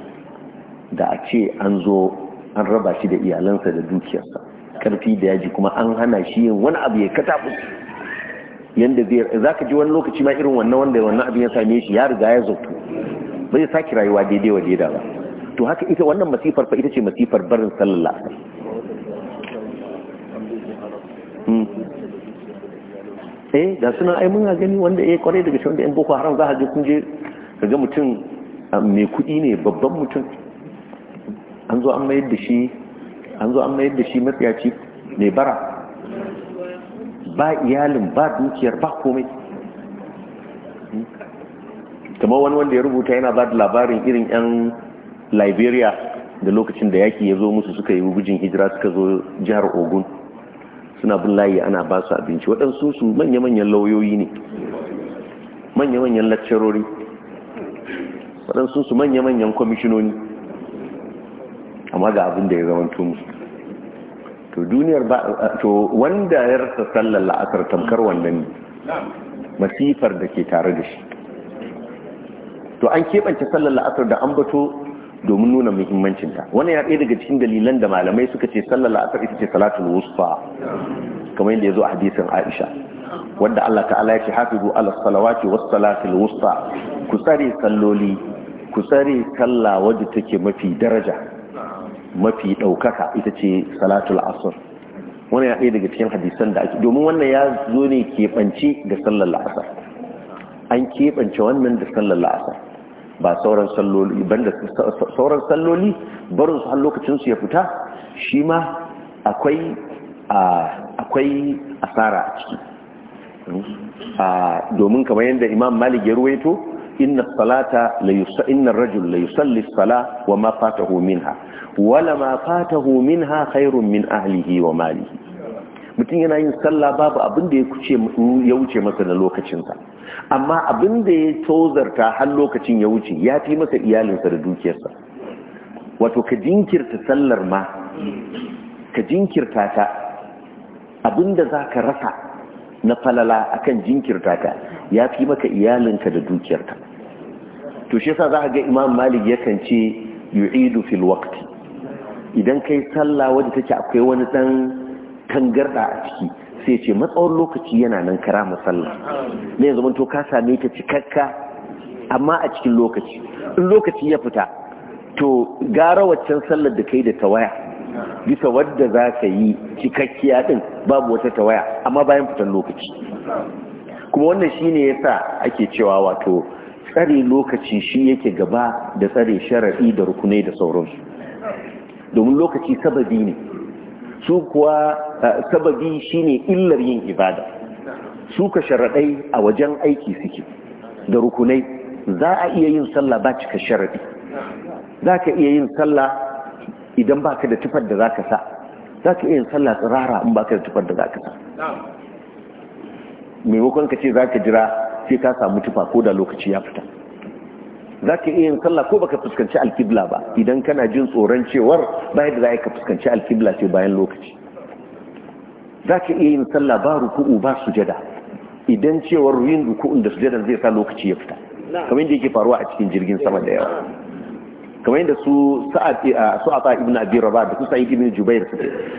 da a ce an zo an raba shi da iyalansa da dukiyarsa karfi da yaji kuma an hana shi yin wani abu ya katafusu yanda zai za ka ji wani lokaci ma irin wannan wanda wannan abin ya same shi ya riga ya zo bai sake rayuwa daidai wa daida ba to haka ita wannan masifar fa ita ce masifar barin sallallahu hmm. alaihi eh da suna ai mun gani wanda eh kwarai daga wanda yan boko haram za a je kun je ga mutum ah, mai kuɗi ne babban mutum an zo an mayar da shi an zo an mayar da shi matsayaci mai bara ba iyalin ba dukiyar ba komai kamar wani wanda ya rubuta yana ba da labarin irin 'yan liberia da lokacin da yaki ya zo musu suka yi gujin hijira suka zo jihar ogun suna bin layi ana ba su abinci waɗansu su manya-manyan lauyoyi ne manya-manyan lakcarori waɗansu su manya-manyan kwamishinoni amma ga abin da ya zama musu to duniyar ba to wanda ya rasa sallar la'asar tamkar wannan ne masifar da ke tare da shi to an keɓance sallar la'asar da an bato domin nuna muhimmancinta wannan ya ɗaya daga cikin dalilan da malamai suka ce sallar la'asar ita ce salatul wusfa kamar yadda ya zo a hadisin aisha wanda Allah ta'ala ya ce hafizu ala salawati was salatil wusta ku tsare salloli ku tsare sallah wadda take mafi daraja mafi ɗaukaka ita ce salatul asr wannan ya ɗaya daga cikin hadisan da ake domin wannan ya zo ne keɓance da sallar la'asar an keɓance wannan da sallar la'asar ba sauran salloli banda sauran salloli barin su har lokacin su ya fita shi ma akwai akwai asara a ciki domin kamar yadda imam malik ya ruwaito inna salata la yusalli salla rajul wa ma fatahu minha wala ma fatahu minha khairun min ahlihi wa malihi mutum yana yin sallah babu abin da ya wuce masa na lokacinsa amma abin da ya tozarta har lokacin ya wuce ya fi masa iyalinsa da dukiyarsa wato ka jinkirta sallar ma ka jinkirta ta abin da za ka rasa na falala akan jinkirta ta ya fi maka iyalinka da dukiyarka to shi yasa za ga imam malik yakan ce yu'idu fil waqti idan kai sallah wadda take akwai wani dan tangarda a ciki sai ce matsawon lokaci yana nan kara sallah. ne yanzu mun to ka same ta cikakka amma a cikin lokaci in lokaci ya fita to gara waccan sallar da kai da tawaya bisa wadda za ka yi cikakkiya din babu wata tawaya amma bayan fitan lokaci kuma wannan shine yasa ake cewa wato tsare lokaci shi yake gaba da tsare sharaɗi da rukunai da sauransu domin lokaci sababi ne su kuwa sababi shine illar yin ibada su ka sharaɗai a wajen aiki suke da rukunai za a iya yin sallah ba cika sharaɗi za ka iya yin sallah idan ba ka da tufar da za ka sa za ka iya yin sallah tsirara in ba ka da tufar da za ka sa maimakon ka ce za ka jira sai ka samu tufa ko da lokaci ya fita za ka iya yin sallah ko baka fuskanci alkibla ba idan kana jin tsoron cewar ba yadda za ka fuskanci alkibla ce bayan lokaci za ka iya yin sallah ba ruku'u ba sujada idan cewar yin ruku'un da sujada zai sa lokaci ya fita kamar yadda yake faruwa a cikin jirgin sama da yawa kamar yadda su a su ata ibn abi rabah da su sa'id ibn jubair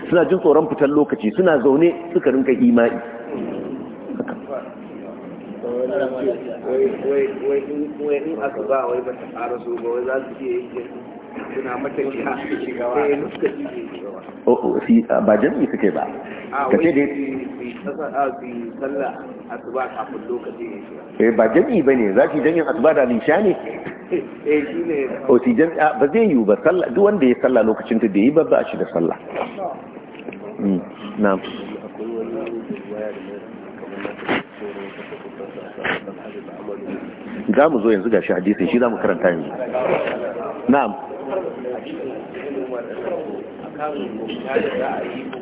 suna jin tsoron fitan lokaci suna zaune suka rinka imani wai in aka ba wai ba ta ƙara so ba wai za su iya yi suna shigawa nuska eh, oh, oh ah, ba ba ah, ka ce dai ah, sallah asuba kafin lokacin ya shiga eh ba bane za ki jami'in asuba da lisha eh, ne eh oh si ba zai yiwu ba sallah duk wanda ya sallah lokacin ta bai yi ba ba shi da sallah hmm, na'am za mu zo yanzu ga shi hadisin shi za mu karanta yanzu na'am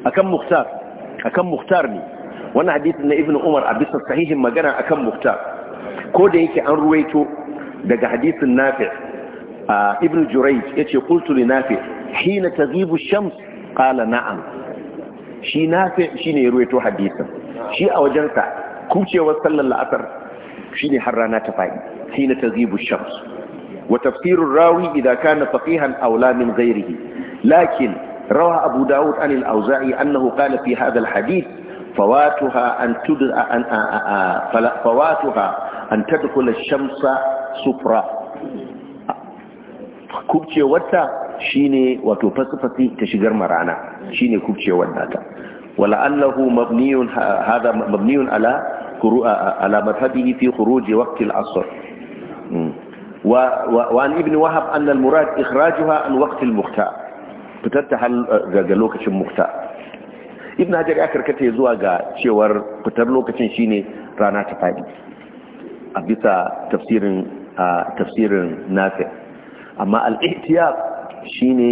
akan muhtar akan muhtar ne wannan hadisin na ibn umar a bisa sahihin magana akan muhtar ko da yake an ruwaito daga hadisin nafi ibnu jurayj yace qultu li nafi hina taghibu shams qala na'am shi nafi shine ya ruwaito hadisin shi a wajensa kucewar sallar la'asar ne har rana ta faɗi hina tazibu shams wa tafsirun rawi idan kana faqihan aw la min zairihi. lakin rawa abu daud an al-auza'i annahu qala fi hadha al-hadith فواتها أن تدر أن فواتها أن تدخل الشمس سفرا كوبشي وتا شيني وتفسفتي تشجر مرانا شيني كوبشي وتا ولعله مبني هذا مبني ala. على مذهبه في خروج وقت العصر وعن ابن وهب أن المراد إخراجها عن وقت المختار فتتها لوكة المختار ibn hajar ya karkata ya zuwa ga cewar fitar lokacin shine rana ta fadi a bisa tafsirin tafsirin nafi amma al-ihtiyab shine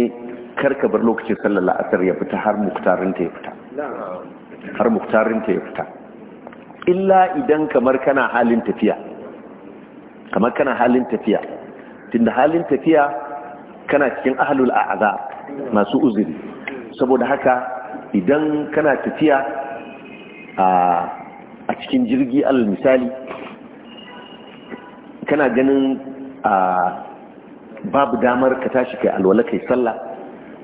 bar lokacin sallar la'asar ya fita har muktarinta ya ya fita illa idan kamar kana halin tafiya kamar kana halin tafiya tunda halin tafiya kana cikin ahlul a'za masu uzuri saboda haka idan kana tafiya a cikin jirgi alal misali kana ganin babu damar ka tashi kai alwala kai sallah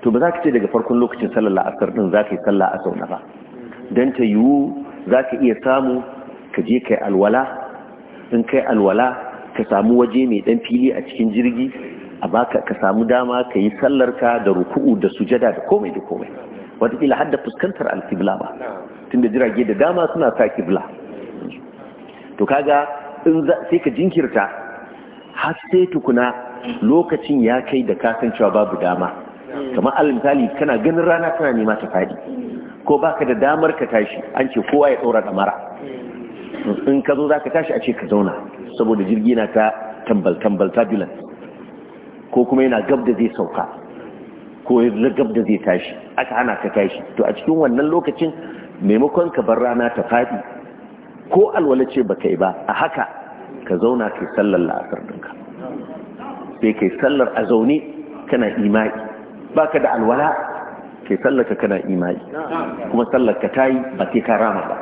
to ba za ka ce daga farkon lokacin sallar la'asar din za ka yi sallah a sauna ba don ta yiwu za ka iya samu ka je kai alwala in kai alwala ka samu waje mai dan fili a cikin jirgi a baka ka samu dama ka yi sallarka da ruku'u da sujada da komai da komai wataƙila har da fuskantar alkibla ba tunda jirage da dama suna sa kibla to kaga in sai ka jinkirta har sai tukuna lokacin ya kai da kasancewa babu dama kamar alimtali kana ganin rana tana nema ta fadi ko baka da damar ka tashi an ce kowa ya ɗora mara, in ka zo za ka tashi a ce ka zauna saboda jirgi na ta tambal-tambal turbulence ko kuma yana gab da zai sauka ko yana gab da zai tashi aka ana ka tashi to a cikin wannan lokacin maimakon ka bar rana ta faɗi ko alwala ce ba yi ba a haka ka zauna kai sallar la'asar ɗinka sai kai sallar a zaune kana imai baka da alwala kai sallaka kana imani kuma sallaka ta yi ba ke karama ba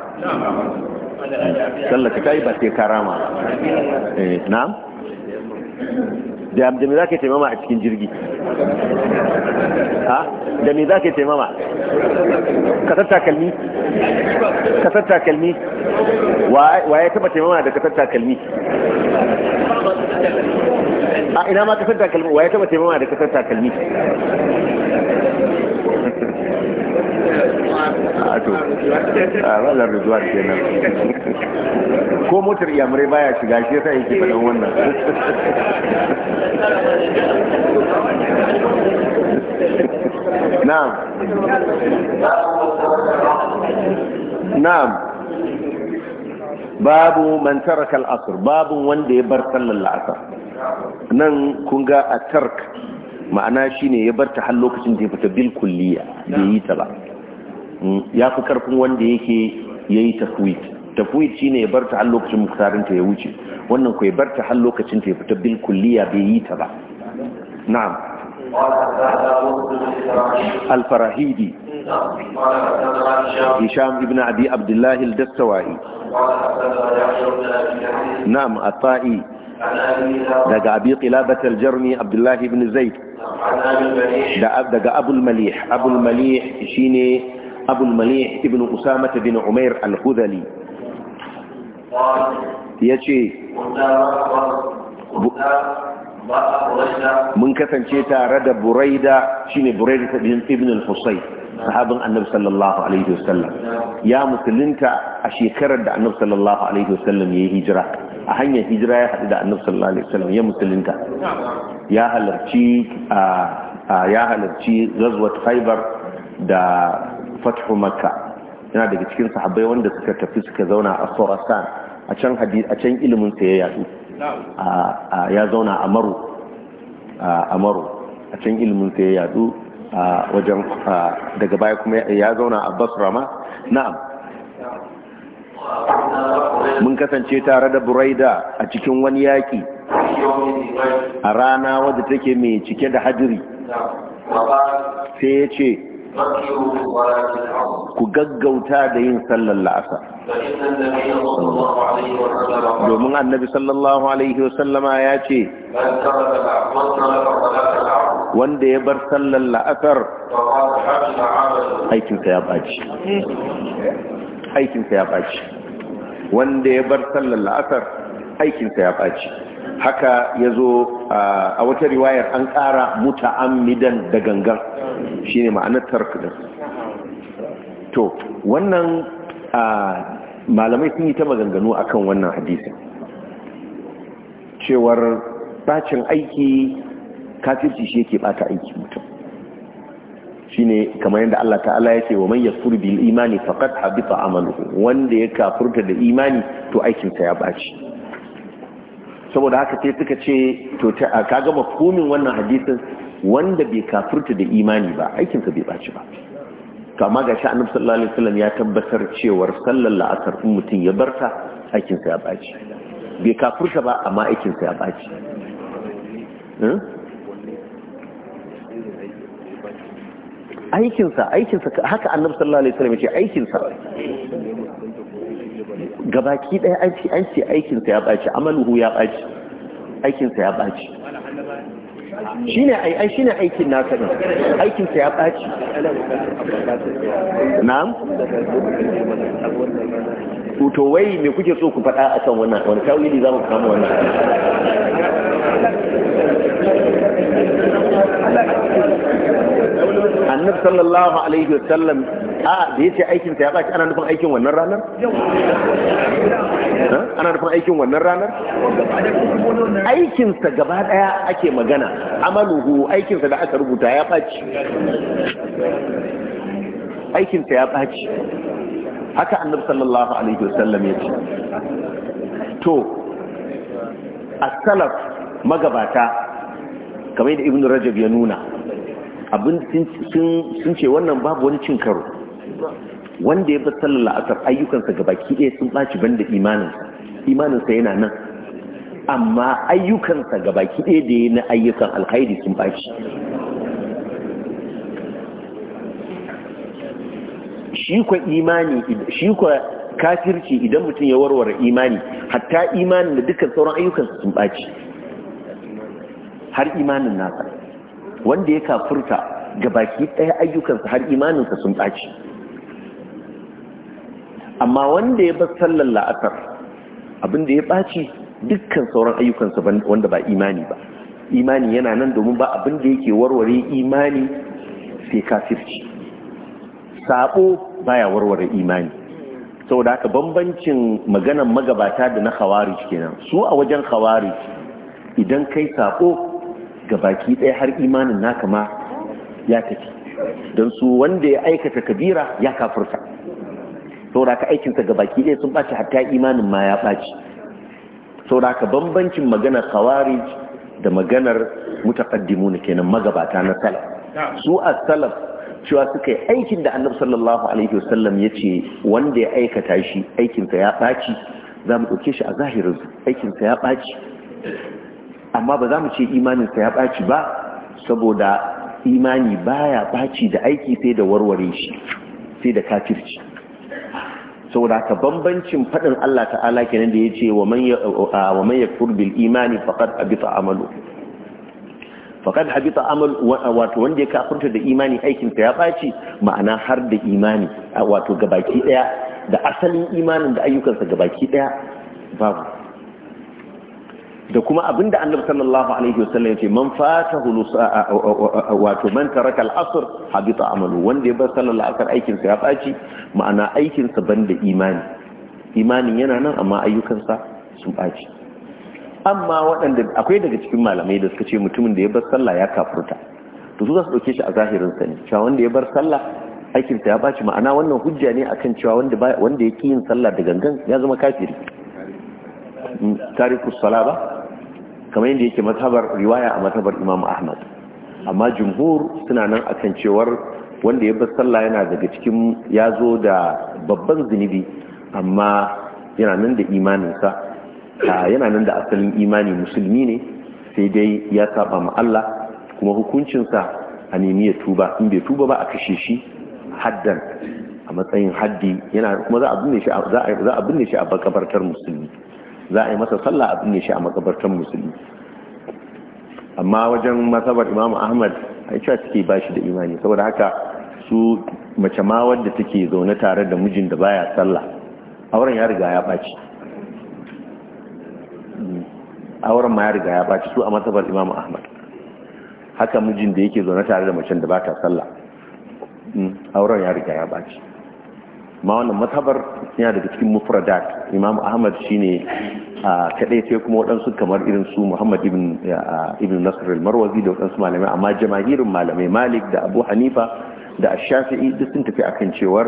sallaka ta yi ba ke karama ba eh, na'am da me za ka taimama a cikin jirgi ha da me za ka taimama kasar takalmi kasar takalmi wa ya taba taimama da kasar takalmi a ina ma kasar takalmi wa ya taba taimama da kasar takalmi a ko motar yamurai baya shiga shi yasa yake na'am na'am babu man taraka babu wanda ya bar sallar la'asar nan kun ga a ma'ana shine ya bar ta har lokacin da ya fita bil kulliya da yi ta ba hmm, ya fi karfin wanda yake yayi tafwid shi ne ya bar ta har lokacin muktarin ta ya wuce wannan ku ya bar ta har lokacin ta ya fita bil kulliya bai yi ta ba na'am الفراهيدي هشام ابن أبي عبد الله الدستوائي نعم الطائي daga abi qilabatal jarmi abdullah ibn zaid daga abul malih abul malih shine abul malih ibn usama bin umair al-hudali yace mun kasance tare da buraida shine buraida ibn al-husayn sahabin annabi sallallahu alaihi wasallam ya musulunta a shekarar da annabi sallallahu alaihi wasallam ya yi hijira a hanyar hijira ya haɗu da annabi sallallahu alaihi wasallam ya musulunta ya halarci ya halarci ghazwat khaybar da fathu makka yana daga cikin sahabbai wanda suka tafi suka zauna a Khorasan a can hadith a can ilimin sa ya yadu ya zauna a Maru a Maru a can ilimin sa ya yadu wajen daga baya kuma ya zauna a basra ma na'am mun kasance tare da buraida a cikin wani yaki a rana wadda take mai cike da hajjiri sai ya ce ku gaggauta da yin sallar la'asar domin annabi sallallahu alaihi wasallama ya ce wanda ya bar sallar la'asar aikinsa ya ɓaci aikinsa ya ɓaci wanda ya bar sallar la'asar aikinsa ya ɓaci haka ya zo a wata riwayar an ƙara muta'ammidan da gangan shi ne ma'anar tarkudin to wannan malamai sun yi ta maganganu akan wannan hadisi cewar bacin aiki kafirci shi yake bata aiki mutum ne kamar yadda Allah ta'ala ya yake wa man yasfur bil imani faqad habita amaluhu wanda ya kafurta da imani to aikinsa ya ɓaci. saboda haka sai suka ce to ka gama mafhumin wannan hadisin wanda bai kafirta da imani ba aikinsa bai baci ba to amma ga shi annabi sallallahu alaihi wasallam ya tabbatar cewar sallar la'asar in mutum ya barta aikinsa ya baci bai kafirta ba amma aikinsa ya sa hmm? aikinsa aikinsa haka annabi sallallahu alaihi wasallam ya ce aikinsa gabaki ɗaya an ce an ce aikinsa ya ɓaci amaluhu ya ɓaci aikinsa ya ɓaci shine ai ai shine aikin nasa din aikin sa ya ɓaci na'am to wai me kuke so ku faɗa akan wannan wani tawili za mu kama wannan annabi sallallahu alaihi wasallam a da ce aikin sa ya baki ana nufin aikin wannan ranar ana nufin aikin wannan ranar aikin sa gaba daya ake magana amaluhu aikin sa da aka rubuta ya baci aikin sa ya baci haka annabi sallallahu alaihi wasallam ya ce to as-salaf magabata kamar da ibnu rajab ya nuna abin sun ce wannan babu wani cin karo wanda ya bi sallar la'asar ayyukansa ga baki ɗaya sun ɓaci banda imaninsa imaninsa yana nan amma ayyukansa ga baki ɗaya da ya na ayyukan alkhairi sun ɓaci shi kwa kafirci idan mutum ya warware imani hatta imanin da dukkan sauran ayyukansa sun ɓaci har imanin nasa wanda ya kafurta ga baki ɗaya ayyukansa har imaninsa sun ɓaci amma wanda ya bar sallar la'asar abin ya ɓaci dukkan sauran ayyukansa wanda ba imani ba imani yana nan domin ba abin yake warware imani sai kafirci sabo baya warware imani saboda haka bambancin maganan magabata da na khawarij kenan su a wajen khawarij idan kai sabo ga baki ɗaya har imanin naka ma ya tafi don su wanda ya aikata kabira ya kafirta saura ka aikinsa ga baki ɗaya sun ɓaci hatta imanin ma ya ɓaci saura ka bambancin magana khawarij da maganar ne kenan magabata na salaf su a salaf cewa suka yi aikin da annabi sallallahu alaihi wasallam ya ce wanda ya aikata shi aikinsa ya ɓaci za mu ɗauke shi a zahirin aikinsa ya ɓaci amma ba za mu ce imaninsa ya ɓaci ba saboda imani baya ɓaci da aiki sai da warware shi sai da kafirci saboda haka bambancin faɗin Allah ta'ala kenan da ya ce wa man yakfur bil imani faqad habita amalu habita wato wanda ya kafirta da imani aikin ta ya baci ma'ana har da imani wato gabaki ɗaya da asalin imanin da ayyukansa gabaki ɗaya babu da kuma abinda annabi sallallahu alaihi wasallam ce man fatahu wato man taraka al-asr habita amalu wanda ya bar sallar asr aikin sa ya baci ma'ana aikin sa banda imani Imani yana nan amma ayyukan sa sun baci amma waɗanda akwai daga cikin malamai da suka ce mutumin da ya bar sallah ya kafurta to su za su dauke shi a zahirin sa ne cewa wanda ya bar sallah aikin sa ya baci ma'ana wannan hujja ne akan cewa wanda wanda ya ki yin sallah da gangan ya zama kafiri hmm, tarikus salaba kamar yadda yake mazhabar riwaya a mazhabar imam ahmad amma jumhur suna nan akan cewar wanda ya bar sallah yana daga cikin ya zo da babban zunubi amma yana nan da imaninsa yana nan da asalin imani musulmi ne sai dai ya saba ma Allah kuma hukuncinsa a nemi ya tuba in bai tuba ba a kashe shi haddan a matsayin haddi yana kuma za a binne shi a makabartar musulmi za a yi masa sallah a binne shi a makabartar musulmi amma wajen masabar imam ahmad cewa suke ba shi da imani saboda haka su mace ma wadda take zaune tare da mijin da baya sallah auren ya riga ya ɓaci auren ma ya riga ya ɓaci su a masabar imam ahmad haka mijin da yake zaune tare da macen da ba ta sallah mm, auren ya riga ya ɓaci ma wannan matabar yana daga cikin mufradat imam ahmad shine kadai sai kuma waɗansu kamar irin su muhammad ibn ibn nasr al-marwazi da waɗansu malamai amma jama'irin malamai malik da abu hanifa da ash-shafi'i duk sun tafi akan cewar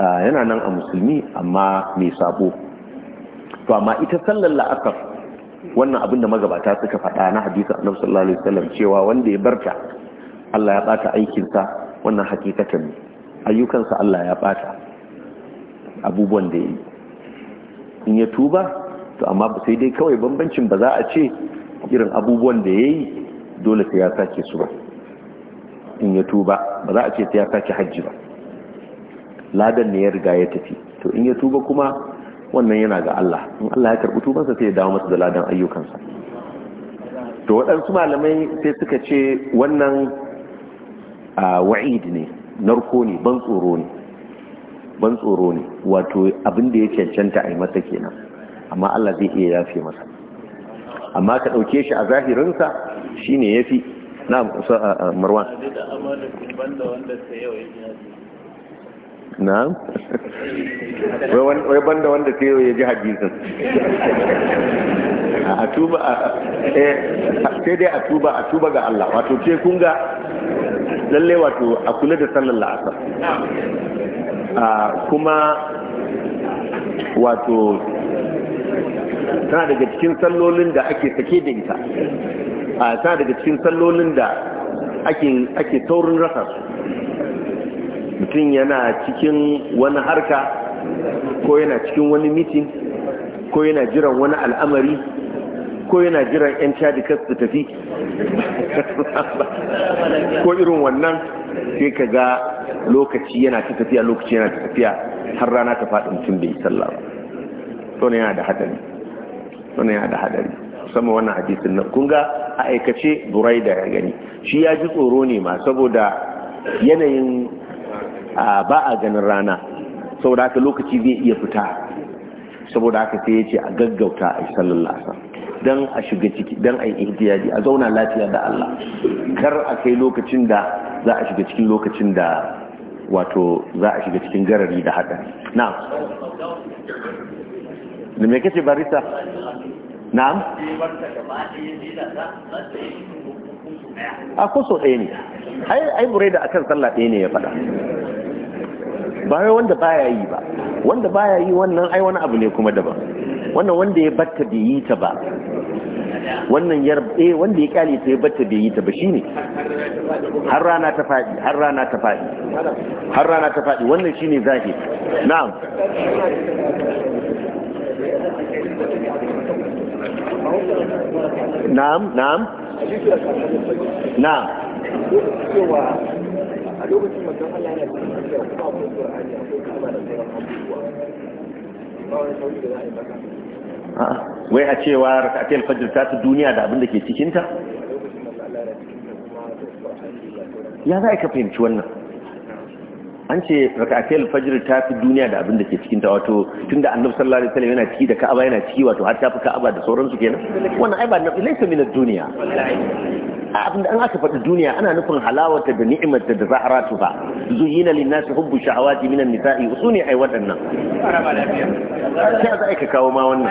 yana nan a musulmi amma mai sabo to amma ita sallar la'asar wannan abin da magabata suka faɗa na hadisi annabi sallallahu alaihi wasallam cewa wanda ya barta Allah ya bata aikinsa wannan hakikatan ne ayyukansa Allah ya bata abubuwan da yi in ya tuba to amma sai dai kawai bambancin ba za a ce irin abubuwan da ya yi dole sai ya sake su ba in ya tuba ba za a ce ta ya sake hajji ba ladan ne ya riga ya tafi to in ya tuba kuma wannan yana ga Allah in Allah ya karbi tubansa sai ya dawo masa da ladan ayyukansa to waɗansu malamai sai suka ce wannan ah, wa'id ne narko ne ban tsoro ne ban tsoro ne wato abin da ya cancanta a yi masa kenan amma Allah zai iya yafe masa amma ka ɗauke shi a zahirinsa shi ne ya fi na marwan na wai banda wanda ta ya ji hadisin a tuba eh, sai dai a tuba a tuba ga Allah wato ce kun ga lalle wato a kula da sallar la'asar kuma wato tana daga cikin sallolin da ake sake da ita a tana daga cikin sallolin da ake taurin rasa su mutum yana cikin wani harka ko yana cikin wani mitin ko yana jiran wani al'amari ko yana jiran 'yan cadikas su tafi ko irin wannan sai ka ga lokaci yana ta tafiya lokaci yana ta tafiya har rana ta faɗin mutum bai sallah ba yana da hadari tsona yana da hadari sama wannan hadisin nan kun ga a aikace burai da ya gani shi ya ji tsoro ne ma saboda yanayin ba a ganin rana saboda haka lokaci zai iya fita saboda haka sai ya ce a gaggauta a yi sallallahu don a shiga ciki don a yi ihtiyaji a zauna lafiya da Allah kar a kai lokacin da za a shiga cikin lokacin da wato za a shiga cikin garari da haɗa na'am da me kace barista na'am a kusa ɗaya ne ai ai burai da akan sallah ɗaya ne ya faɗa ba wai wanda baya yi ba wanda baya yi wannan ai wani abu ne kuma daban wannan wanda ya batta bai yi ta ba wannan yar eh wanda ya kyale ta ya batta bai yi ta ba shine har rana ta fadi har rana ta fadi har rana ta fadi wannan shine zahiri na'am na'am na'am na'am a lokacin mutum akwai wai a cewa raka'atul fajr ta ta duniya da abin da ke cikin ya za ka fahimci wannan an ce raka'atul fajr ta fi duniya da abin da ke cikin ta tun da annabi sallallahu alaihi wasallam yana ciki da ka'aba yana ciki wato har ta fi ka'aba da sauransu kenan wannan ai ba na laysa min ad-dunya da an aka faɗi duniya ana nufin halawata da ni'imarta da zaharatu ba zuyina linnasi hubbu shahawati minan nisa'i su ne ai waɗannan sai za ka kawo ma wannan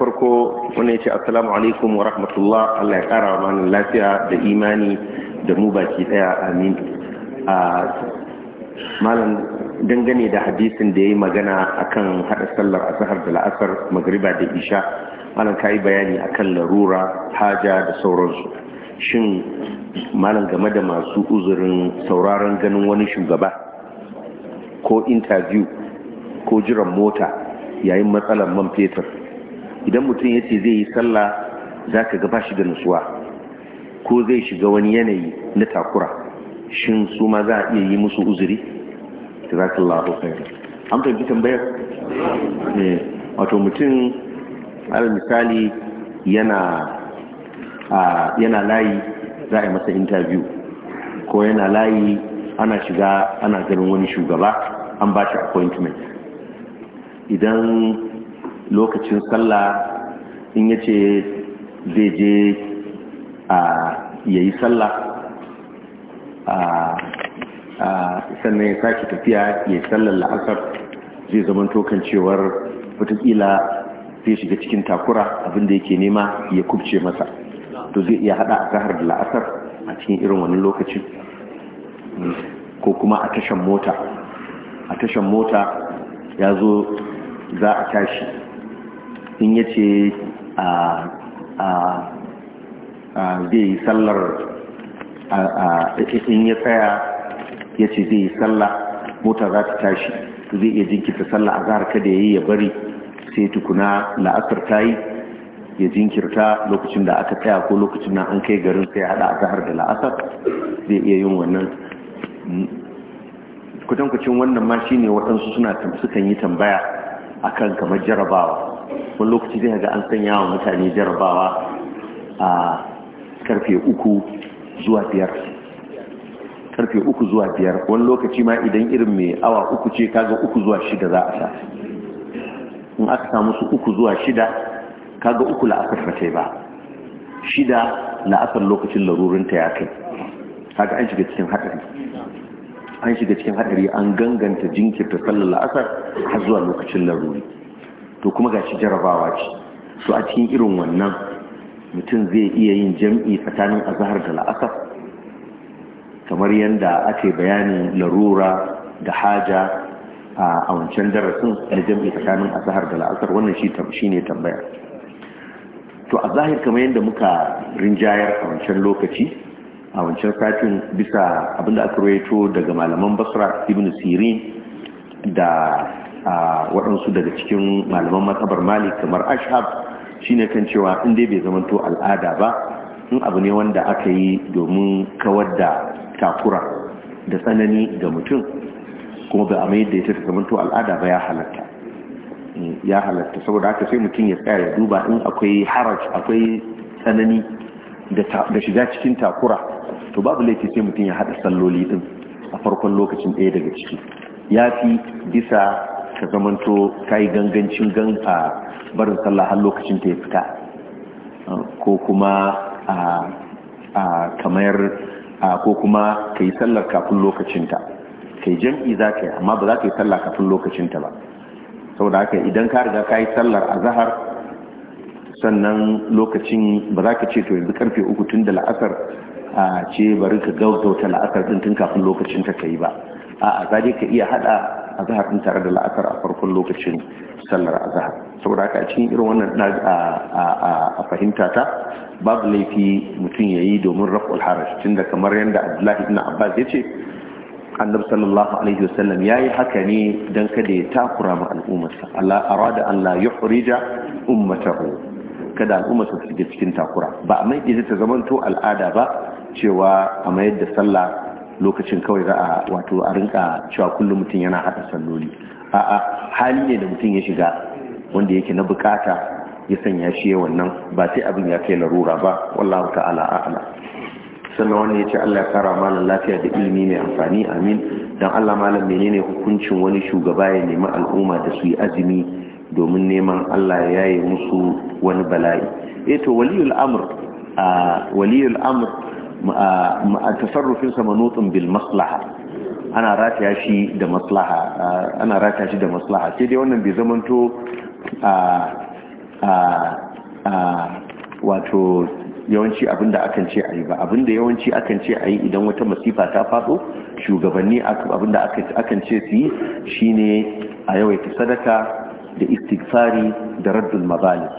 farko wannan yace assalamu alaikum wa rahmatullah Allah ya kara wa mana lafiya da imani da mu baki daya amin a malam dangane da hadisin da ya yi magana akan hada sallar asahar da la'asar magriba da isha malam kai bayani akan larura haja da sauransu shin malam game da masu uzurin sauraron ganin wani shugaba ko interview ko jiran mota yayin matsalar man fetur idan mutum ya ce zai yi sallah za ka gaba da nutsuwa ko zai shiga wani yanayi na takura shin su ma za a iya yi musu uzuri jazakallahu khairan an fahimci tambayar ne eh, wato mutum al misali yana yana layi za a yi masa interview ko yana layi ana shiga ana ganin wani shugaba an ba shi appointment idan lokacin sallah in ya ce zai je a yayi sallah sannan ya sake tafiya ya yi sallar la'asar zai zama tokan cewar watakila zai shiga cikin takura abinda yake nema ya kubce masa to zai iya hada a zahar da la'asar a cikin irin wani lokaci, ko kuma a tashan mota a tashan mota ya zo za a tashi in ya ce zai yi sallar in ya tsaya ya ce zai salla sallah mota za ta tashi zai iya jinkirta sallah a zahar kada ya yi ya bari sai tukuna la'asar ta yi ya jinkirta lokacin da aka tsaya ko lokacin na an kai garin sai hada a zahar da la'asar zai iya yin wannan kutankucin wannan ma shi ne waɗansu suna tamsukan yi tambaya akan kamar jarabawa wani lokaci zai ga an sanya wa mutane jarabawa a karfe uku zuwa biyar karfe uku zuwa biyar wani lokaci ma idan irin mai awa uku ce kaga uku zuwa shida za a sa in aka samu su uku zuwa shida kaga uku la'asar ba ba shida la'asar lokacin larurinta ya kai kaga an shiga cikin haɗari an shiga cikin hadari an ganganta jinkirta sallar la'asar har zuwa lokacin laruri to kuma gashi jarabawa ce to a cikin irin wannan mutum zai iya yin jam'i tsakanin azahar da la'asar kamar yadda ake bayanin larura da haja a wancan darasin da jam'i tsakanin azahar da la'asar wannan shi ne tambaya to a zahir kamar yadda muka rinjayar a wancan lokaci a wancan satin bisa abinda aka rawaito daga malaman basra ibn sirin da a waɗansu daga cikin malaman matsabar malik kamar ashab ne kan cewa in dai bai to al'ada ba in abu ne wanda aka yi domin kawar da takura da tsanani ga mutum kuma ba a mai da ita ta to al'ada ba ya halatta ya halatta saboda haka sai mutum ya tsaya ya duba in akwai haraj akwai tsanani da shiga cikin takura to babu laifi sai mutum ya haɗa salloli din a farkon lokacin ɗaya daga ciki ya fi bisa ka zamanto ka yi gangancin gan barin sallah har lokacin ta ya fita ko kuma a kamar ko kuma ka yi sallar kafin lokacinta kai jam'i za ka yi amma ba za ka yi sallah kafin lokacinta ba saboda haka idan ka riga ka yi sallar a zahar sannan lokacin ba za ka ce to yanzu karfe uku tun da la'asar a ce bari ka gautauta la'asar din tun kafin lokacinta ta yi ba a'a za ka iya hada azhar ɗin tare da la'akar a farkon lokacin sallar azhar saboda haka cikin irin wannan a fahimta ta babu laifi mutum yayi domin raf'ul haraj tunda kamar yadda Abdullahi ibn Abbas yace annabi sallallahu alaihi wasallam yayi haka ne dan kada ya takura ma al'ummarsa Allah arada an la yuhrija ummatahu kada al'ummarsa su cikin takura ba a mai ta zamanto al'ada ba cewa a mayar da sallah lokacin kawai za a wato a rinka cewa kullum mutum yana haɗa salloli a'a hali ne da mutum ya shiga wanda yake na bukata ya sanya shi ya wannan ba sai abin ya kai larura ba wallahu ta'ala sannan wani ya ce Allah ya kara malam lafiya da ilimi mai amfani amin dan Allah malam menene hukuncin wani shugaba ya nemi al'umma da su yi azumi domin neman Allah ya yaye musu wani bala'i eh to waliyul amr a waliyul amr tasarrufinsa manutsin bil maslaha ana rataya shi da maslaha ana rataya shi da maslaha sai dai wannan bai zamanto wato yawanci abinda akan ce ayi ba abinda yawanci akan ce ayi idan wata masifa ta faɗo shugabanni abinda akan ce su yi shine a yawaita sadaka da istighfari da raddul mazalim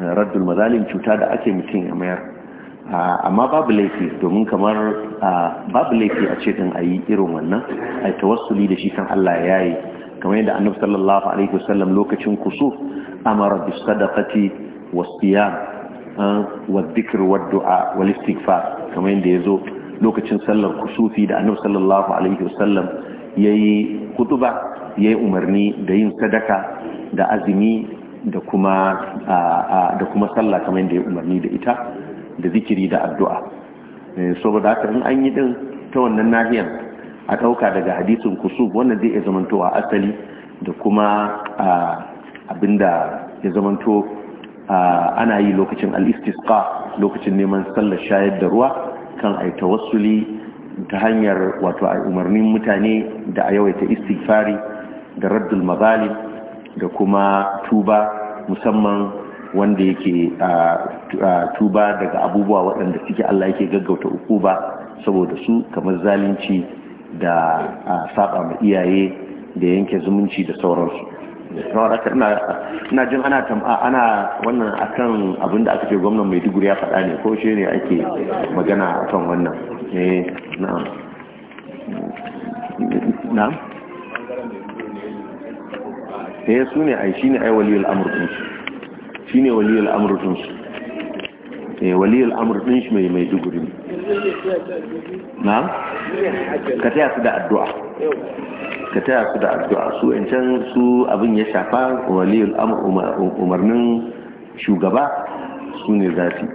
raddul mazalim cuta da ake mutum ya mayar Ah, amma babu laifi domin kamar ah, babu laifi a ce din ayi irin wannan ai tawassuli da shi kan Allah ya yi kamar yadda annabi sallallahu alaihi wasallam lokacin kusuf amara bis sadaqati ah, wa dhikr wa du'a wal istighfar kamar yadda yazo lokacin sallar kusufi da annabi sallallahu alaihi wasallam yayi kutuba yayi umarni da yin sadaka da azumi da kuma da kuma sallah kamar yadda ya umarni da ita da zikiri da addu'a eh, saboda haka in an yi din ta wannan nahiyar a ɗauka daga hadisin kusub wanda zai iya zamantowa asali da kuma abinda ya zamanto ana yi lokacin al'istisqa lokacin neman sallar shayar da ruwa kan a tawassuli ta hanyar wato a umarnin mutane da a yawaita istighfari da raddul mazalim da kuma tuba musamman wanda yake a tuba daga abubuwa waɗanda suke Allah yake gaggauta uku ba saboda su kamar zalunci da saba ma iyaye da yanke zumunci da sauransu ina jin ana tam'a ana wannan akan abinda da aka ce gwamnan maiduguri ya faɗa ne ko shi ne ake magana akan wannan eh na'am na'am eh su ne ai shine ai waliyul amr din shine waliyul amr din su eh waliyul amr din shi mai mai duguri na ka taya su da addu'a ka taya su da addu'a su in can su abin ya shafa waliyul amr umarnin shugaba su ne hmm. zafi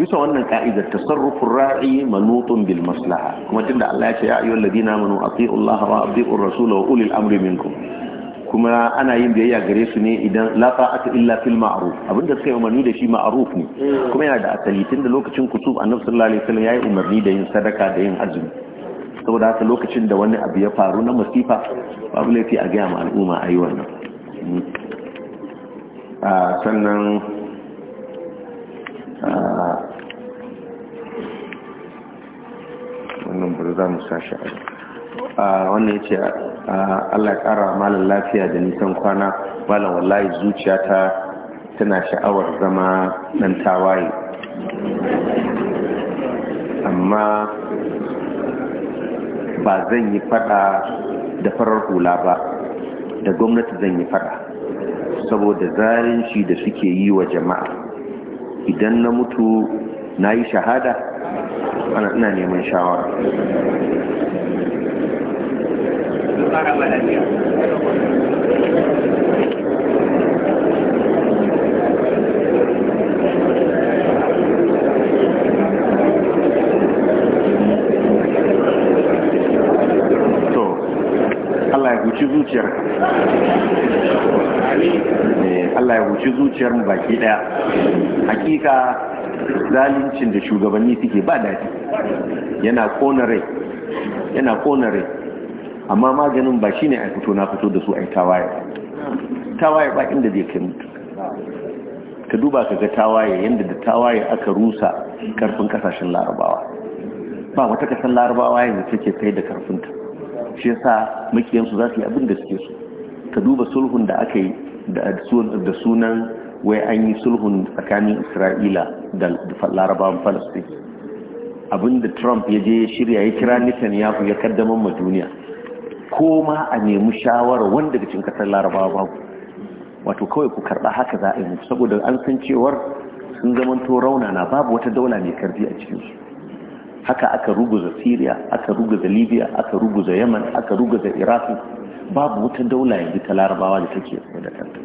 bisa wannan ka'idar tasarrufin ra'i manutun bil maslaha kuma tunda Allah ya ce ya ayyuhal ladina amanu atiiu Allah wa atiiu ar-rasul wa ulil amri minkum kuma ana yin biyayya gare su ne idan la ta'ata illa fil ma'ruf abinda suka yi umarni da shi ma'ruf ne kuma yana da asali tun da lokacin kutub annabi sallallahu alaihi wasallam yayi umarni da yin sadaka da yin azumi saboda haka lokacin da wani abu ya faru na masifa babu laifi a gaya ma al'umma a yi wannan sannan wannan ba za mu sashi a wannan yace Allah ya kara malam lafiya da nisan kwana malam wallahi zuciyata tana sha'awar zama dan tawaye amma ba zan yi fada da farar hula ba da gwamnati zan yi fada saboda zalunci da suke yi wa jama'a idan na mutu na yi shahada ana ina neman shawara su tsara ba eh, Allah ya huci zuciyar mu baki daya hakika zalincin da shugabanni suke ba dadi yana kona rai yana kona rai amma maganin ba shi ne a fito na fito da su a yi tawaye tawaye ba inda zai kai mutu ka duba ka ga tawaye yadda da tawaye aka rusa karfin kasashen larabawa ba wata kasar larabawa yanzu take kai da karfinta shi yasa makiyansu za su yi abin da suke su ka duba sulhun da aka yi da sunan wai an yi sulhun tsakanin isra'ila da larabawan falastin abinda trump ya je shirya ya kira netanyahu ya kaddamar ma duniya Koma a nemi shawarar wanda cikin kasar larabawa babu wato kawai ku karɓa haka za a yi musu saboda an san cewar sun to rauna na babu wata daula mai karfi a cikinsu haka aka ruguza syria aka ruguza libya aka ruguza yaman aka ruguza iraq babu wata daula yanzu ta larabawa da take da kanta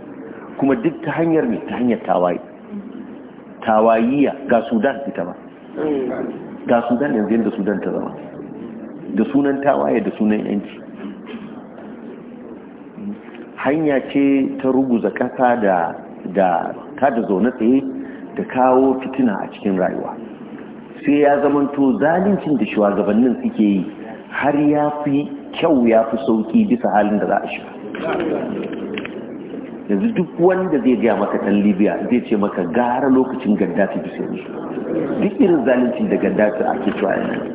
kuma duk ta hanyar ne ta hanyar tawaye tawayiya ga sudan ita ga sudan yanzu yadda sudan ta zama da sunan tawaye da sunan yanci hanya ce ta ruguza kasa da da kada zaune tsaye da kawo fitina a cikin rayuwa sai ya zamanto zalincin da shugabannin suke yi har ya fi kyau ya fi sauki bisa halin da za a shiga yanzu duk wanda zai gaya maka ɗan libya zai ce maka gara lokacin gaddafi bisa yanzu duk irin zalincin da gaddafi ake cewa yanzu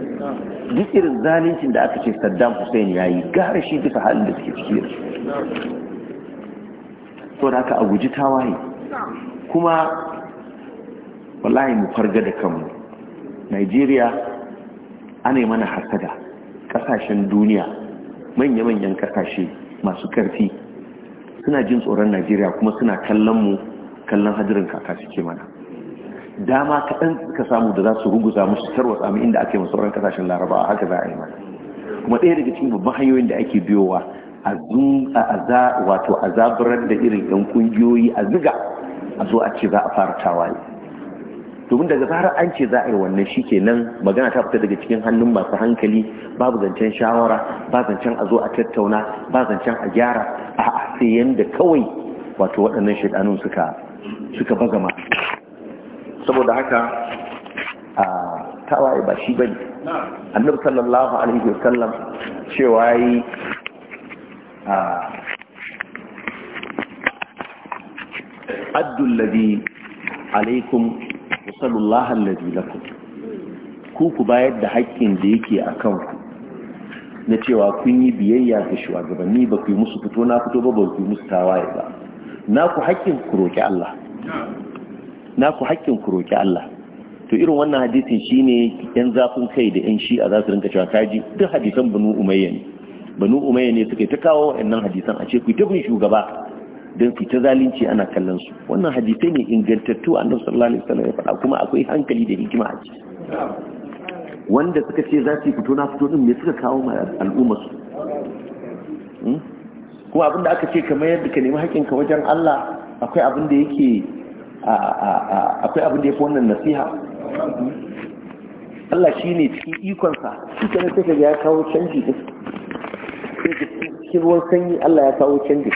duk irin zalincin da aka ce saddam hussein ya yi gara shi bisa halin da suke ciki yanzu saboda haka a guji tawaye kuma wallahi mu farga da kanmu Najeriya ana mana hasada kasashen duniya manya-manyan kasashe masu karfi suna jin tsoron Najeriya kuma suna kallon mu kallon hadirin kaka suke mana dama kaɗan ka samu da za su ruguza musu tarwatsa mu inda ake masu sauran kasashen larabawa haka za a yi mana kuma ɗaya daga cikin babban hanyoyin da ake biyowa a aza wato a zaburar da irin yan kungiyoyi a ziga a zo a ce za a fara tawaye domin daga fara an ce za a yi wannan shi nan magana ta fita daga cikin hannun masu hankali babu zancen shawara ba zancen a zo a tattauna ba zancen a gyara a sai yadda kawai wato waɗannan shaidanun suka suka bagama saboda haka a tawaye ba shi bane annabi sallallahu alaihi wasallam cewa yi addu ladi alaikum wa alaihi wa lakum ku ku bayar da haƙƙin da yake a kanku na cewa kun yi biyayya ga shugabanni ba ku yi musu fito na fito ba ba ku yi musu tawaye ba na ku haƙƙin ku roƙi Allah na ku haƙƙin ku roƙi Allah to irin wannan hadisin shine yan zafin kai da yan shi'a za su rinka cewa kaji duk hadisan banu umayya ne banu umayya ne suka ta kawo wa'annan hadisan a ce ku ta bin shugaba don ku ta zalunci ana kallon su wannan hadisai ne ingantattu annabi sallallahu alaihi wasallam ya faɗa kuma akwai hankali da hikima a ciki wanda suka ce za su yi fito na fito din me suka kawo ma al'umma su hmm? kuma abin da aka ce kamar yadda ka nemi ka wajen Allah akwai abin da yake akwai abin da ya fi wannan nasiha hmm? Allah shi ne cikin ikonsa shi kanar sai ka ya kawo canji ɗin cikin ruwan sanyi Allah ya kawo canji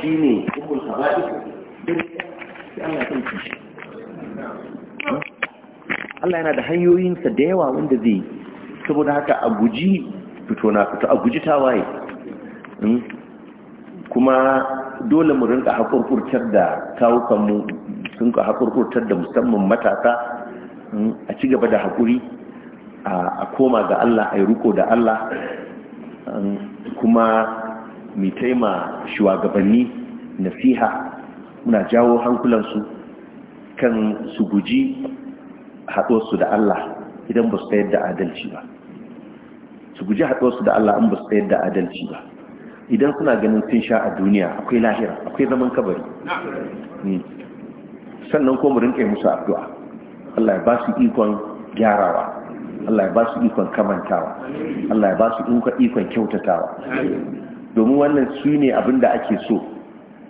shi ne Allah yana da hanyoyinsa da yawa wanda zai yi saboda haka a guji fito na fito a guji tawaye hmm? kuma dole mu rinka haƙurƙurtar da kawukanmu sun ka haƙurƙurtar da musamman matasa hmm? a ci gaba da haƙuri a koma ga Allah a yi riko da Allah um, kuma mai taima shugabanni nasiha muna jawo hankulansu kan su guji haɗuwarsu da Allah idan ba su tsayar da adalci ba su guji haɗuwarsu da Allah an ba su tsayar da adalci ba idan suna ganin sun sha a duniya akwai lahira akwai zaman kabari hmm. sannan ko mu musu addu'a Allah ya ba su ikon gyarawa Allah ya ba su ikon kamantawa Allah ya ba su ikon kyautatawa domin wannan su ne abin da ake so